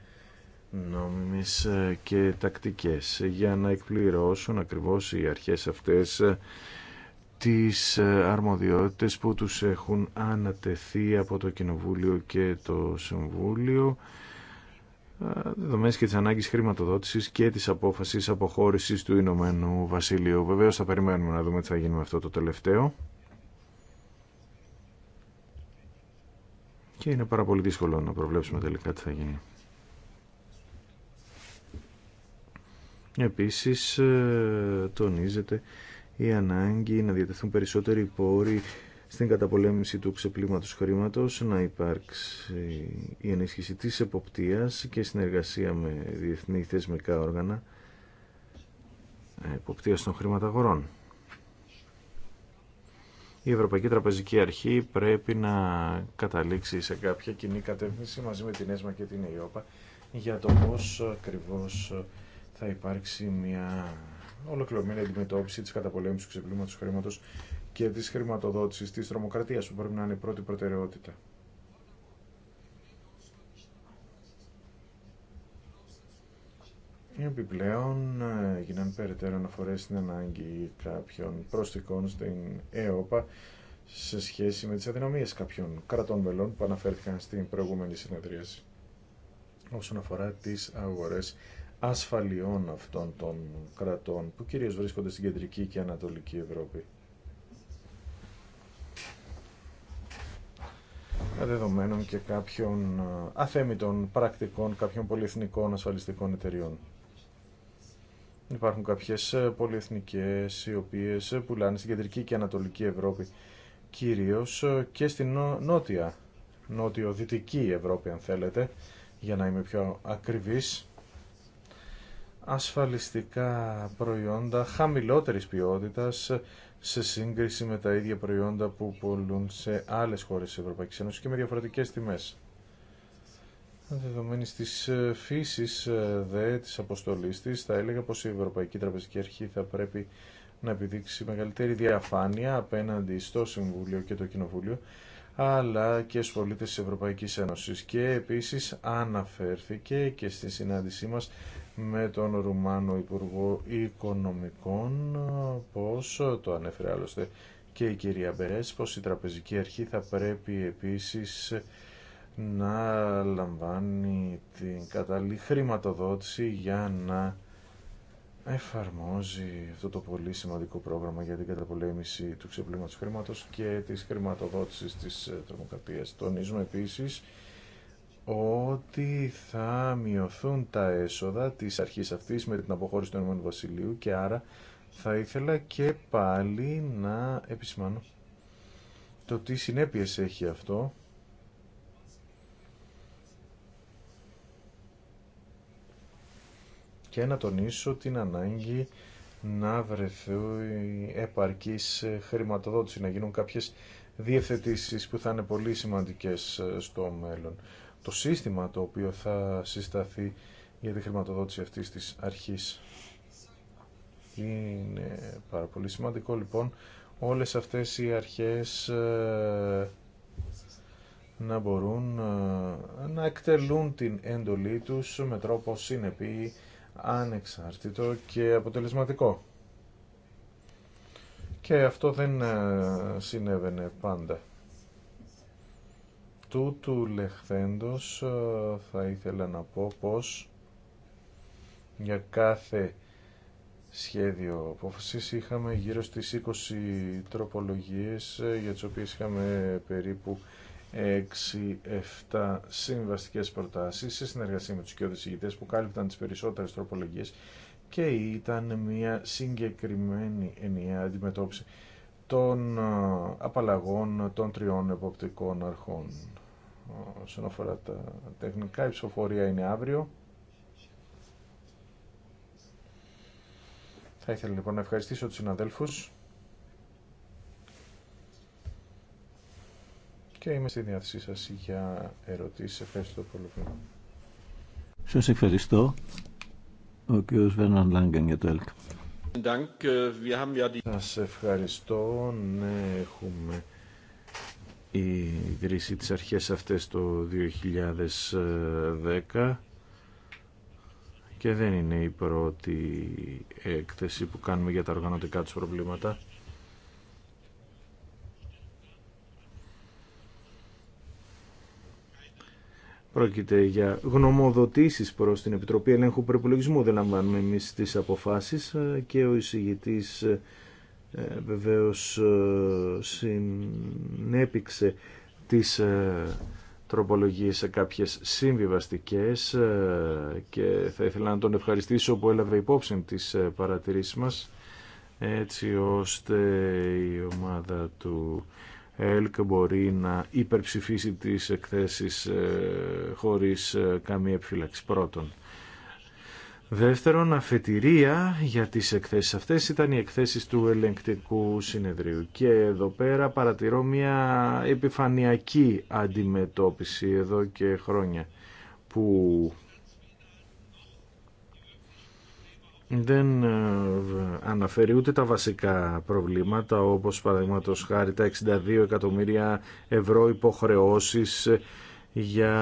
νόμιμες ε, και τακτικές για να εκπληρώσουν ακριβώς οι αρχές αυτές τις αρμοδιότητες που τους έχουν ανατεθεί από το Κοινοβούλιο και το Συμβούλιο δεδομένε και της ανάγκης χρηματοδότηση και τη απόφαση αποχώρησης του Ηνωμένου Βασιλείου. Βεβαίω θα περιμένουμε να δούμε τι θα γίνει με αυτό το τελευταίο. Και είναι πάρα πολύ δύσκολο να προβλέψουμε τελικά τι θα γίνει. Επίσης ε, τονίζεται η ανάγκη να διατεθούν περισσότεροι πόροι στην καταπολέμηση του ξεπλήματος χρήματος, να υπάρξει η ενίσχυση της εποπτείας και συνεργασία με διεθνή θεσμικά όργανα ε, εποπτείας των χρηματαγορών. Η Ευρωπαϊκή Τραπεζική Αρχή πρέπει να καταλήξει σε κάποια κοινή κατεύθυνση μαζί με την ΕΣΜΑ και την ΕΙΟΠΑ για το πώς ακριβώς θα υπάρξει μια ολοκληρωμένη αντιμετώπιση της καταπολέμησης του ξεπλήματος χρήματος και της χρηματοδότησης της τρομοκρατίας που πρέπει να είναι η πρώτη προτεραιότητα. Επιπλέον, ε, γίνανε περαιτέρω αναφορέ στην ανάγκη κάποιων προσθήκων στην ΕΟΠΑ σε σχέση με τις αδυναμίες κάποιων κρατών μελών που αναφέρθηκαν στην προηγούμενη συνεδρίαση όσον αφορά τις αγορές ασφαλιών αυτών των κρατών που κυρίως βρίσκονται στην κεντρική και ανατολική Ευρώπη. δεδομένων και κάποιων ε, αθέμητων πρακτικών κάποιων πολυεθνικών ασφαλιστικών εταιριών. Υπάρχουν κάποιες ε, πολυεθνικές οι οποίες ε, πουλάνε στην κεντρική και ανατολική Ευρώπη κυρίως και στην νότια, νότιο-δυτική Ευρώπη αν θέλετε, για να είμαι πιο ακριβής ασφαλιστικά προϊόντα χαμηλότερης ποιότητας σε σύγκριση με τα ίδια προϊόντα που πολλούν σε άλλες χώρες της Ευρωπαϊκής Ένωσης και με διαφορετικές τιμές. Δεδομένης της ε, φύσης ε, δε της αποστολής της, θα έλεγα πως η Ευρωπαϊκή Τραπεζική Αρχή θα πρέπει να επιδείξει μεγαλύτερη διαφάνεια απέναντι στο Συμβούλιο και το Κοινοβούλιο, αλλά και στους πολίτες της Ευρωπαϊκής Ένωσης. Και επίσης αναφέρθηκε και στη συνάντησή μας με τον Ρουμάνο Υπουργό Οικονομικών πως το ανέφερε άλλωστε και η κυρία Μπερές πως η Τραπεζική Αρχή θα πρέπει επίσης να λαμβάνει την κατάλληλη χρηματοδότηση για να εφαρμόζει αυτό το πολύ σημαντικό πρόγραμμα για την καταπολέμηση του ξεπλήματος χρήματος και της χρηματοδότησης της τρομοκρατίας. Τονίζουμε επίσης ότι θα μειωθούν τα έσοδα της αρχής αυτής με την αποχώρηση του Ενωμένου Βασιλείου και άρα θα ήθελα και πάλι να επισημάνω το τι συνέπειες έχει αυτό και να τονίσω την ανάγκη να βρεθεί επαρκής χρηματοδότηση, να γίνουν κάποιες διευθετήσεις που θα είναι πολύ σημαντικές στο μέλλον το σύστημα το οποίο θα συσταθεί για τη χρηματοδότηση αυτής της αρχής. Είναι πάρα πολύ σημαντικό λοιπόν όλες αυτές οι αρχές ε, να μπορούν ε, να εκτελούν την έντολή τους με τρόπο συνεπή, ανεξάρτητο και αποτελεσματικό. Και αυτό δεν ε, συνέβαινε πάντα αυτού του λεχθέντος ε, θα ήθελα να πω πως για κάθε σχέδιο απόφασης είχαμε γύρω στις 20 τροπολογίες ε, για τις οποίες είχαμε περίπου 6-7 συμβαστικές προτάσεις σε συνεργασία με τους κοιόδες που κάλυπταν τις περισσότερες τροπολογίες και ήταν μια συγκεκριμένη ενιαία αντιμετώπιση των ε, απαλλαγών των τριών εποπτικών αρχών όσον αφορά τα τεχνικά. Η ψηφοφορία είναι αύριο. Θα ήθελα λοιπόν να ευχαριστήσω τους συναδέλφους και είμαι στη διάθεσή σας για ερωτήσεις. Ευχαριστώ πολύ. Σας ευχαριστώ. Ο κ. Βέρναν Λάγκεν για το ΕΛΚ. Σας ευχαριστώ. Ναι, έχουμε η ιδρύση της αρχές αυτές το 2010 και δεν είναι η πρώτη έκθεση που κάνουμε για τα οργανωτικά τους προβλήματα. Πρόκειται για γνωμοδοτήσεις προς την Επιτροπή Ελέγχου Προπολογισμού. Δεν λαμβάνουμε εμείς τις αποφάσεις και ο εισηγητής ε, βεβαίως ε, συνέπηξε τις ε, τροπολογίες σε κάποιες συμβιβαστικές και θα ήθελα να τον ευχαριστήσω που έλαβε υπόψη τις παρατηρήσεις μας έτσι ώστε η ομάδα του ΕΛΚ μπορεί να υπερψηφίσει τις εκθέσεις χωρίς καμία επιφύλαξη πρώτων. Δεύτερον, αφετηρία για τις εκθέσεις αυτές ήταν οι εκθέσεις του ελεγκτικού συνεδρίου και εδώ πέρα παρατηρώ μια επιφανειακή αντιμετώπιση εδώ και χρόνια που δεν ε, αναφέρει ούτε τα βασικά προβλήματα όπως παραδείγματος χάρη τα 62 εκατομμύρια ευρώ υποχρεώσεις για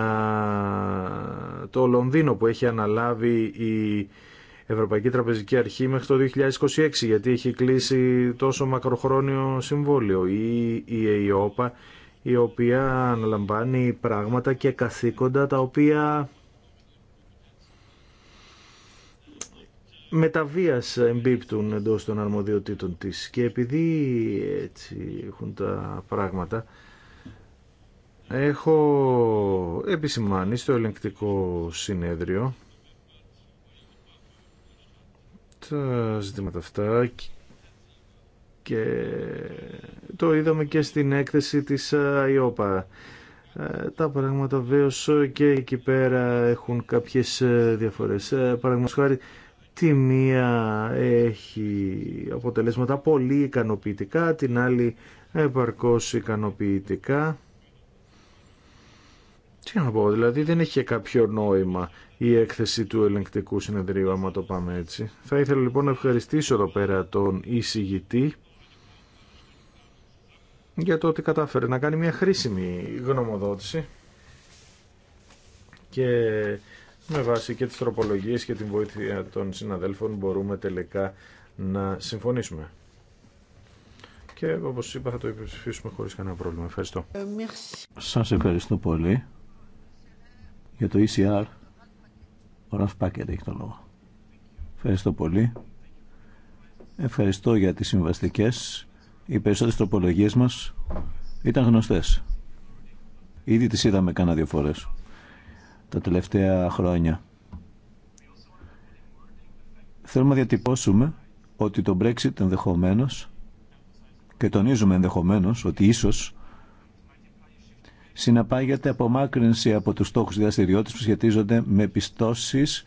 το Λονδίνο που έχει αναλάβει η Ευρωπαϊκή Τραπεζική Αρχή μέχρι το 2026 γιατί έχει κλείσει τόσο μακροχρόνιο συμβόλαιο ή η ΕΙΟΠΑ e η οποία αναλαμβάνει πράγματα και καθήκοντα τα οποία μεταβίας εμπίπτουν εντός των αρμοδιοτήτων της και επειδή έτσι έχουν τα πράγματα Έχω επισημάνει στο ελεγκτικό συνέδριο τα ζητήματα αυτά και το είδαμε και στην έκθεση της ΑΙΟΠΑ. Τα πράγματα βέβαιω και εκεί πέρα έχουν κάποιες διαφορές. Παραδείγματος χάρη, τη μία έχει αποτελέσματα πολύ ικανοποιητικά, την άλλη επαρκώς ικανοποιητικά. Τι να πω, δηλαδή δεν έχει κάποιο νόημα η έκθεση του ελεγκτικού συνεδρίου, άμα το πάμε έτσι. Θα ήθελα λοιπόν να ευχαριστήσω εδώ πέρα τον εισηγητή για το ότι κατάφερε να κάνει μια χρήσιμη γνωμοδότηση και με βάση και τις τροπολογίες και την βοήθεια των συναδέλφων μπορούμε τελικά να συμφωνήσουμε. Και όπως είπα θα το υπερψηφίσουμε χωρίς κανένα πρόβλημα. Ευχαριστώ. Σας ευχαριστώ πολύ. Για το ECR, ο Ραφ Πάκετ έχει το λόγο. Ευχαριστώ πολύ. Ευχαριστώ για τις συμβαστικές. Οι περισσότερες τροπολογίες μας ήταν γνωστές. Ήδη τις είδαμε κάνα δύο φορές τα τελευταία χρόνια. Θέλουμε να διατυπώσουμε ότι το Brexit ενδεχομένως και τονίζουμε ενδεχομένως ότι ίσως συναπάγεται απομάκρυνση από τους στόχους διαστηριότητα που σχετίζονται με πιστώσεις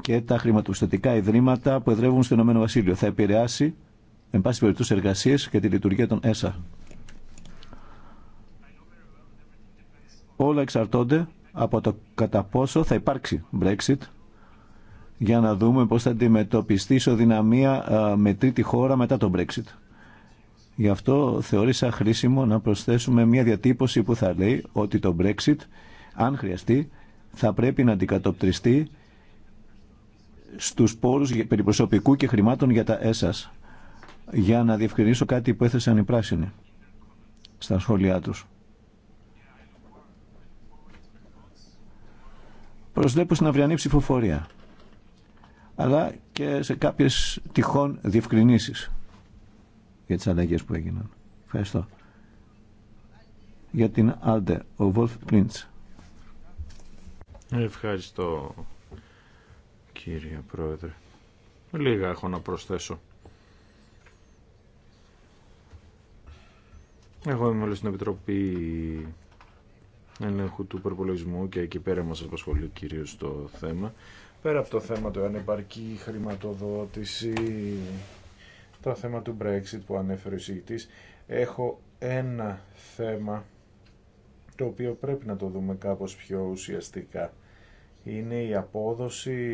και τα χρηματοπιστωτικά ιδρύματα που εδρεύουν στο Ηνωμένο Βασίλειο. Θα επηρεάσει, εν πάση περιπτώσει, εργασίες και τη λειτουργία των ΕΣΑ. Όλα εξαρτώνται από το κατά πόσο θα υπάρξει Brexit για να δούμε πώς θα αντιμετωπιστεί η ισοδυναμία με τρίτη χώρα μετά τον Brexit. Γι' αυτό θεωρήσα χρήσιμο να προσθέσουμε μια διατύπωση που θα λέει ότι το Brexit, αν χρειαστεί, θα πρέπει να αντικατοπτριστεί στους πόρους περιπροσωπικού και χρημάτων για τα ΕΣΑΣ για να διευκρινίσω κάτι που έθεσαν οι πράσινοι στα σχόλιά τους. Προσδέπω στην αυριανή ψηφοφορία αλλά και σε κάποιες τυχόν διευκρινήσεις για τις αλλαγές που έγιναν. Ευχαριστώ. Για την Άλτε, ο Βολφ Πλίντς. Ευχαριστώ κύριε Πρόεδρε. Λίγα έχω να προσθέσω. Εγώ είμαι μέλος στην Επιτροπή Ελέγχου του Προπολογισμού και εκεί πέρα μας απασχολεί κυρίως το θέμα. Πέρα από το θέμα του ανεπαρκή χρηματοδότηση το θέμα του Brexit που ανέφερε ο εισηγητής. Έχω ένα θέμα το οποίο πρέπει να το δούμε κάπως πιο ουσιαστικά. Είναι η απόδοση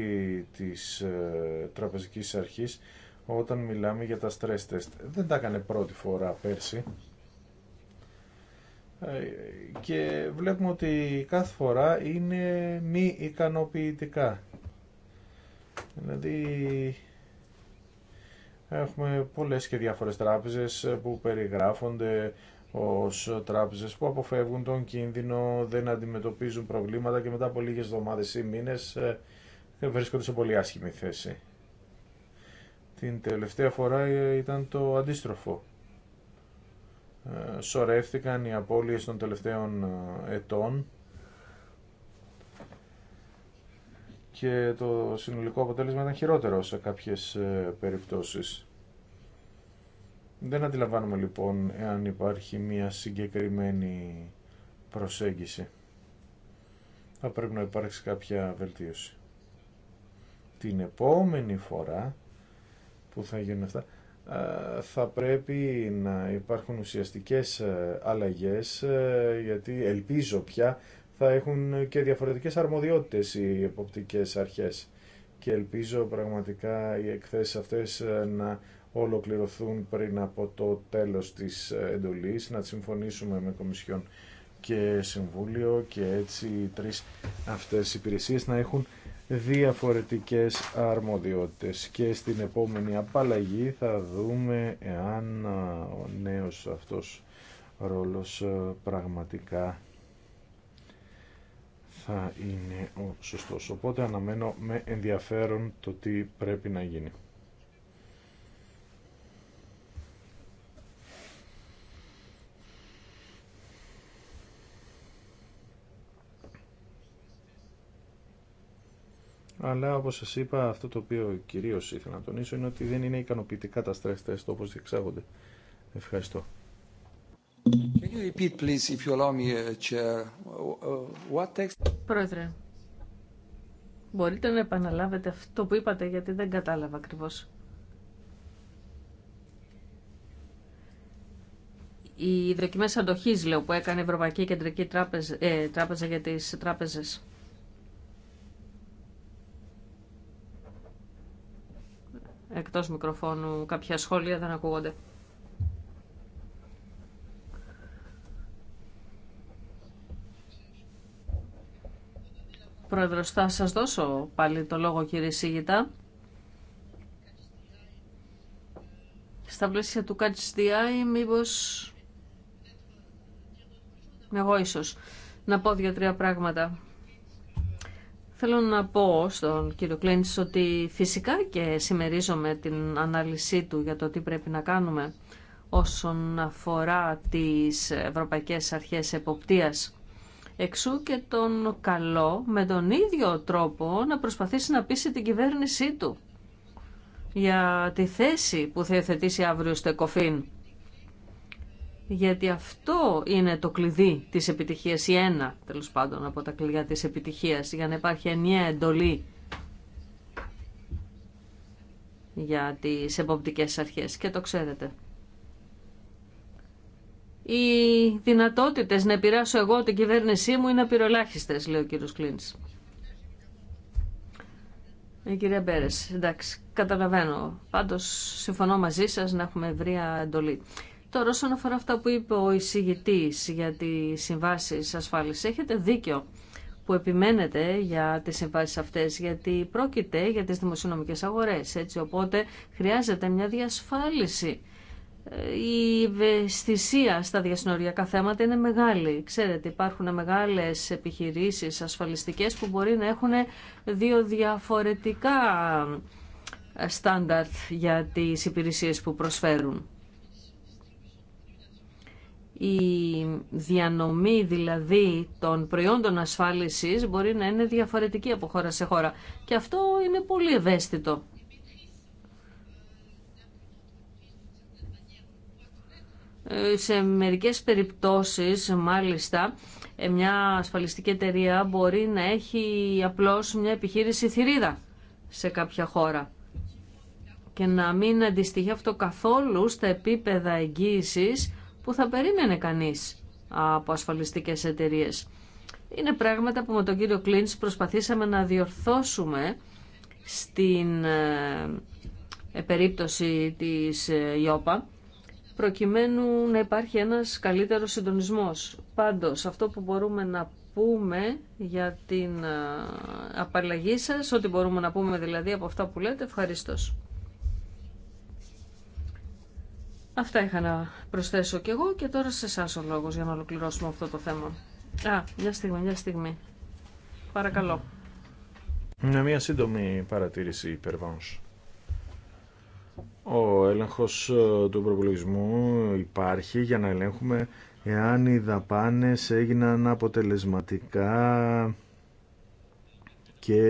της ε, τραπεζικής αρχής όταν μιλάμε για τα stress test. Δεν τα έκανε πρώτη φορά πέρσι ε, και βλέπουμε ότι κάθε φορά είναι μη ικανοποιητικά. Δηλαδή Έχουμε πολλές και διάφορες τράπεζες που περιγράφονται ως τράπεζες που αποφεύγουν τον κίνδυνο, δεν αντιμετωπίζουν προβλήματα και μετά από λίγες εβδομάδες ή μήνες ε, βρίσκονται σε πολύ άσχημη θέση. Την τελευταία φορά ε, ήταν το αντίστροφο. Ε, Σορεύτηκαν οι απώλειες των τελευταίων ετών και το συνολικό αποτέλεσμα ήταν χειρότερο σε κάποιες ε, περιπτώσεις. Δεν αντιλαμβάνουμε λοιπόν εάν υπάρχει μια συγκεκριμένη προσέγγιση. Θα πρέπει να υπάρξει κάποια βελτίωση. Την επόμενη φορά που θα γίνουν αυτά ε, θα πρέπει να υπάρχουν ουσιαστικές ε, αλλαγές γιατί ελπίζω πια θα έχουν και διαφορετικές αρμοδιότητες οι εποπτικές αρχές και ελπίζω πραγματικά οι εκθέσεις αυτές να ολοκληρωθούν πριν από το τέλος της εντολής, να συμφωνήσουμε με Κομισιόν και Συμβούλιο και έτσι οι τρεις αυτές υπηρεσίες να έχουν διαφορετικές αρμοδιότητες και στην επόμενη απαλλαγή θα δούμε εάν ο νέος αυτός ρόλος πραγματικά θα είναι ο σωστός. Οπότε αναμένω με ενδιαφέρον το τι πρέπει να γίνει. Αλλά όπως σας είπα, αυτό το οποίο κυρίως ήθελα να τονίσω είναι ότι δεν είναι ικανοποιητικά τα stress test όπως διεξάγονται. Ευχαριστώ. Can Πρόεδρε, μπορείτε να επαναλάβετε αυτό που είπατε, γιατί δεν κατάλαβα ακριβώς. οι δοκιμές αντοχής λέω, που έκανε η Ευρωπαϊκή Κεντρική Τράπεζα, ε, για τις τράπεζες. Εκτός μικροφώνου κάποια σχόλια δεν ακούγονται. Πρόεδρος, θα σας δώσω πάλι το λόγο κύριε Σίγητα. Στα πλαίσια του ΚΑΤΣΔΙ μήπως... Εγώ ίσως να πω δύο-τρία πράγματα. Θέλω να πω στον κύριο Κλέντς ότι φυσικά και συμμερίζομαι την ανάλυση του για το τι πρέπει να κάνουμε όσον αφορά τις Ευρωπαϊκές Αρχές Εποπτείας. Εξού και τον καλό με τον ίδιο τρόπο να προσπαθήσει να πείσει την κυβέρνησή του για τη θέση που θα υιοθετήσει αύριο στο ΕΚΟΦΗΝ. Γιατί αυτό είναι το κλειδί της επιτυχίας, ή ένα τέλος πάντων από τα κλειδιά της επιτυχίας, για να υπάρχει ενιαία εντολή για τις εποπτικές αρχές. Και το ξέρετε οι δυνατότητες να επηρεάσω εγώ την κυβέρνησή μου είναι να λέει ο κύριο Κλίντ. Η κυρία Μπέρε, εντάξει, καταλαβαίνω. Πάντως, συμφωνώ μαζί σας να έχουμε ευρία εντολή. Τώρα, όσον αφορά αυτά που είπε ο εισηγητή για τι συμβάσει ασφάλισης, έχετε δίκιο που επιμένετε για τις συμβάσεις αυτές, γιατί πρόκειται για τις δημοσιονομικές αγορές, έτσι, οπότε χρειάζεται μια διασφάλιση η ευαισθησία στα διασυνοριακά θέματα είναι μεγάλη. Ξέρετε, υπάρχουν μεγάλες επιχειρήσεις ασφαλιστικές που μπορεί να έχουν δύο διαφορετικά στάνταρτ για τις υπηρεσίες που προσφέρουν. Η διανομή δηλαδή των προϊόντων ασφάλισης μπορεί να είναι διαφορετική από χώρα σε χώρα. Και αυτό είναι πολύ ευαίσθητο Ε, σε μερικές περιπτώσεις, μάλιστα, ε, μια ασφαλιστική εταιρεία μπορεί να έχει απλώς μια επιχείρηση θηρίδα σε κάποια χώρα και να μην αντιστοιχεί αυτό καθόλου στα επίπεδα εγγύησης που θα περίμενε κανείς από ασφαλιστικές εταιρείες. Είναι πράγματα που με τον κύριο Κλίντς προσπαθήσαμε να διορθώσουμε στην ε, περίπτωση της ΙΟΠΑ προκειμένου να υπάρχει ένας καλύτερος συντονισμός. Πάντως, αυτό που μπορούμε να πούμε για την απαλλαγή σας, ό,τι μπορούμε να πούμε δηλαδή από αυτά που λέτε, ευχαριστώ. Αυτά είχα να προσθέσω κι εγώ και τώρα σε εσά ο λόγος για να ολοκληρώσουμε αυτό το θέμα. Α, μια στιγμή, μια στιγμή. Παρακαλώ. Ναι, μια σύντομη παρατήρηση υπερβάνσου. Ο έλεγχος ε, του προπολογισμού υπάρχει για να ελέγχουμε εάν οι δαπάνες έγιναν αποτελεσματικά και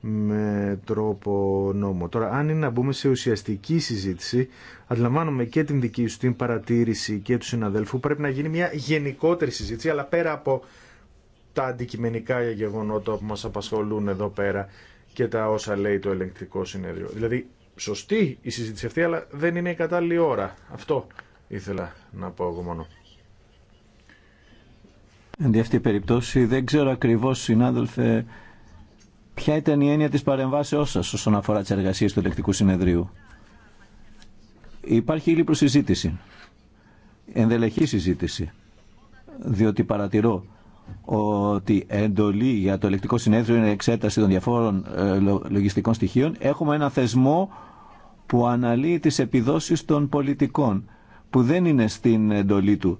με τρόπο νόμο. Τώρα, αν είναι να μπούμε σε ουσιαστική συζήτηση, αντιλαμβάνομαι και την δική σου την παρατήρηση και του συναδέλφου, πρέπει να γίνει μια γενικότερη συζήτηση, αλλά πέρα από τα αντικειμενικά γεγονότα που μας απασχολούν εδώ πέρα και τα όσα λέει το ελεγκτικό συνέδριο. Δηλαδή, σωστή η συζήτηση αυτή, αλλά δεν είναι η κατάλληλη ώρα. Αυτό ήθελα να πω εγώ μόνο. Εν αυτή περίπτωση δεν ξέρω ακριβώς, συνάδελφε, ποια ήταν η έννοια της παρεμβάσεώς σας όσον αφορά τις εργασίες του ελεκτικού συνεδρίου. Υπάρχει προς συζήτηση. ενδελεχή συζήτηση, διότι παρατηρώ ότι εντολή για το ελεκτικό συνέδριο είναι εξέταση των διαφόρων ε, λογιστικών στοιχείων. Έχουμε ένα θεσμό που αναλύει τις επιδόσεις των πολιτικών που δεν είναι στην εντολή του.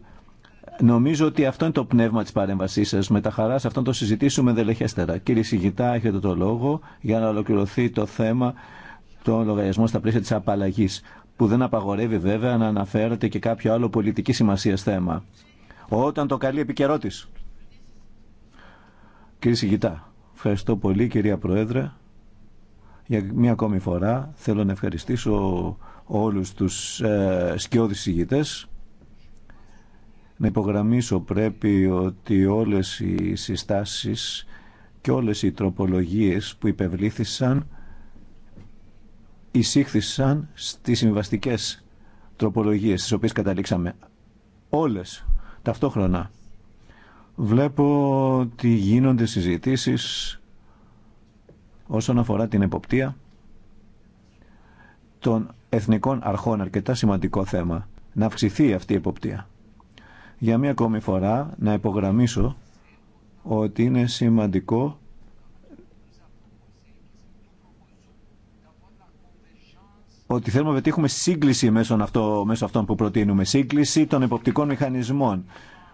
Νομίζω ότι αυτό είναι το πνεύμα της παρέμβασής σας. Με τα χαρά σε αυτό το συζητήσουμε δελεχέστερα. Κύριε Σιγητά, έχετε το λόγο για να ολοκληρωθεί το θέμα των λογαριασμών στα πλαίσια της απαλλαγή, που δεν απαγορεύει βέβαια να αναφέρεται και κάποιο άλλο πολιτική σημασία θέμα. Όταν το καλεί επικαιρότης. Κύριε Σιγητά, ευχαριστώ πολύ κυρία Πρόεδρε. Για μία ακόμη φορά θέλω να ευχαριστήσω όλους τους ε, σκιώδης Να υπογραμμίσω πρέπει ότι όλες οι συστάσεις και όλες οι τροπολογίες που υπευλήθησαν εισήχθησαν στις συμβαστικές τροπολογίες στις οποίες καταλήξαμε. Όλες ταυτόχρονα. Βλέπω ότι γίνονται συζητήσεις όσον αφορά την εποπτεία των εθνικών αρχών. Αρκετά σημαντικό θέμα. Να αυξηθεί αυτή η εποπτεία. Για μία ακόμη φορά να υπογραμμίσω ότι είναι σημαντικό ότι θέλουμε να πετύχουμε σύγκληση μέσω, αυτό, μέσω αυτών που προτείνουμε. Σύγκληση των εποπτικών μηχανισμών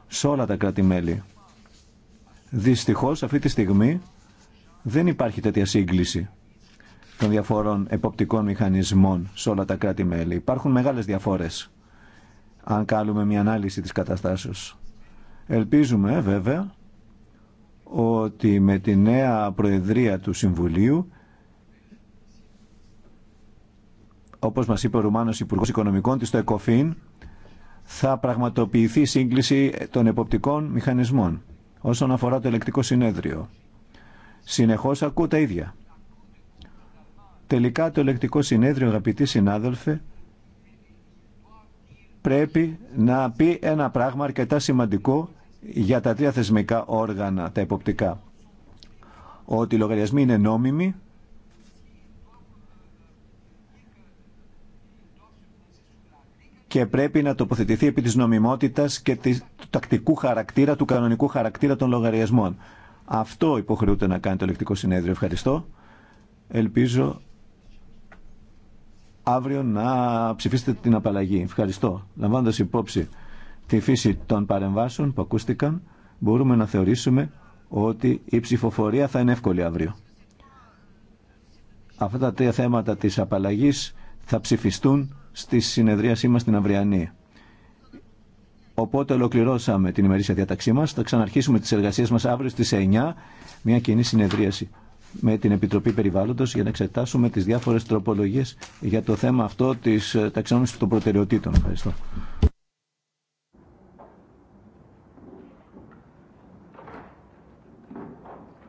σε όλα τα κράτη-μέλη. Δυστυχώς αυτή τη στιγμή δεν υπάρχει τέτοια σύγκληση των διαφορών εποπτικών μηχανισμών σε όλα τα κράτη-μέλη. Υπάρχουν μεγάλες διαφορές, αν κάνουμε μια ανάλυση της καταστάσεως. Ελπίζουμε, βέβαια, ότι με τη νέα Προεδρία του Συμβουλίου, όπως μας είπε ο Ρουμάνος Υπουργός Οικονομικών της, το ΕΚΟΦΗΝ, θα πραγματοποιηθεί σύγκληση των εποπτικών μηχανισμών όσον αφορά το ελεκτικό συνέδριο. Συνεχώς ακούω τα ίδια. Τελικά το ελεκτικό συνέδριο, αγαπητοί συνάδελφε, πρέπει να πει ένα πράγμα αρκετά σημαντικό για τα τρία θεσμικά όργανα, τα υποπτικά. Ότι οι λογαριασμοί είναι νόμιμοι, και πρέπει να τοποθετηθεί επί της νομιμότητας και του τακτικού χαρακτήρα, του κανονικού χαρακτήρα των λογαριασμών. Αυτό υποχρεούται να κάνει το ελεκτικό συνέδριο. Ευχαριστώ. Ελπίζω αύριο να ψηφίσετε την απαλλαγή. Ευχαριστώ. Λαμβάνοντας υπόψη τη φύση των παρεμβάσεων που ακούστηκαν, μπορούμε να θεωρήσουμε ότι η ψηφοφορία θα είναι εύκολη αύριο. Αυτά τα τρία θέματα της απαλλαγής θα ψηφιστούν στη συνεδρίασή μας την αυριανή. Οπότε ολοκληρώσαμε την ημερήσια διάταξή μας. Θα ξαναρχίσουμε τις εργασίες μας αύριο στις 9, μια κοινή συνεδρίαση με την Επιτροπή Περιβάλλοντος για να εξετάσουμε τις διάφορες τροπολογίες για το θέμα αυτό της ε, ταξινόμησης των προτεραιοτήτων. Ευχαριστώ.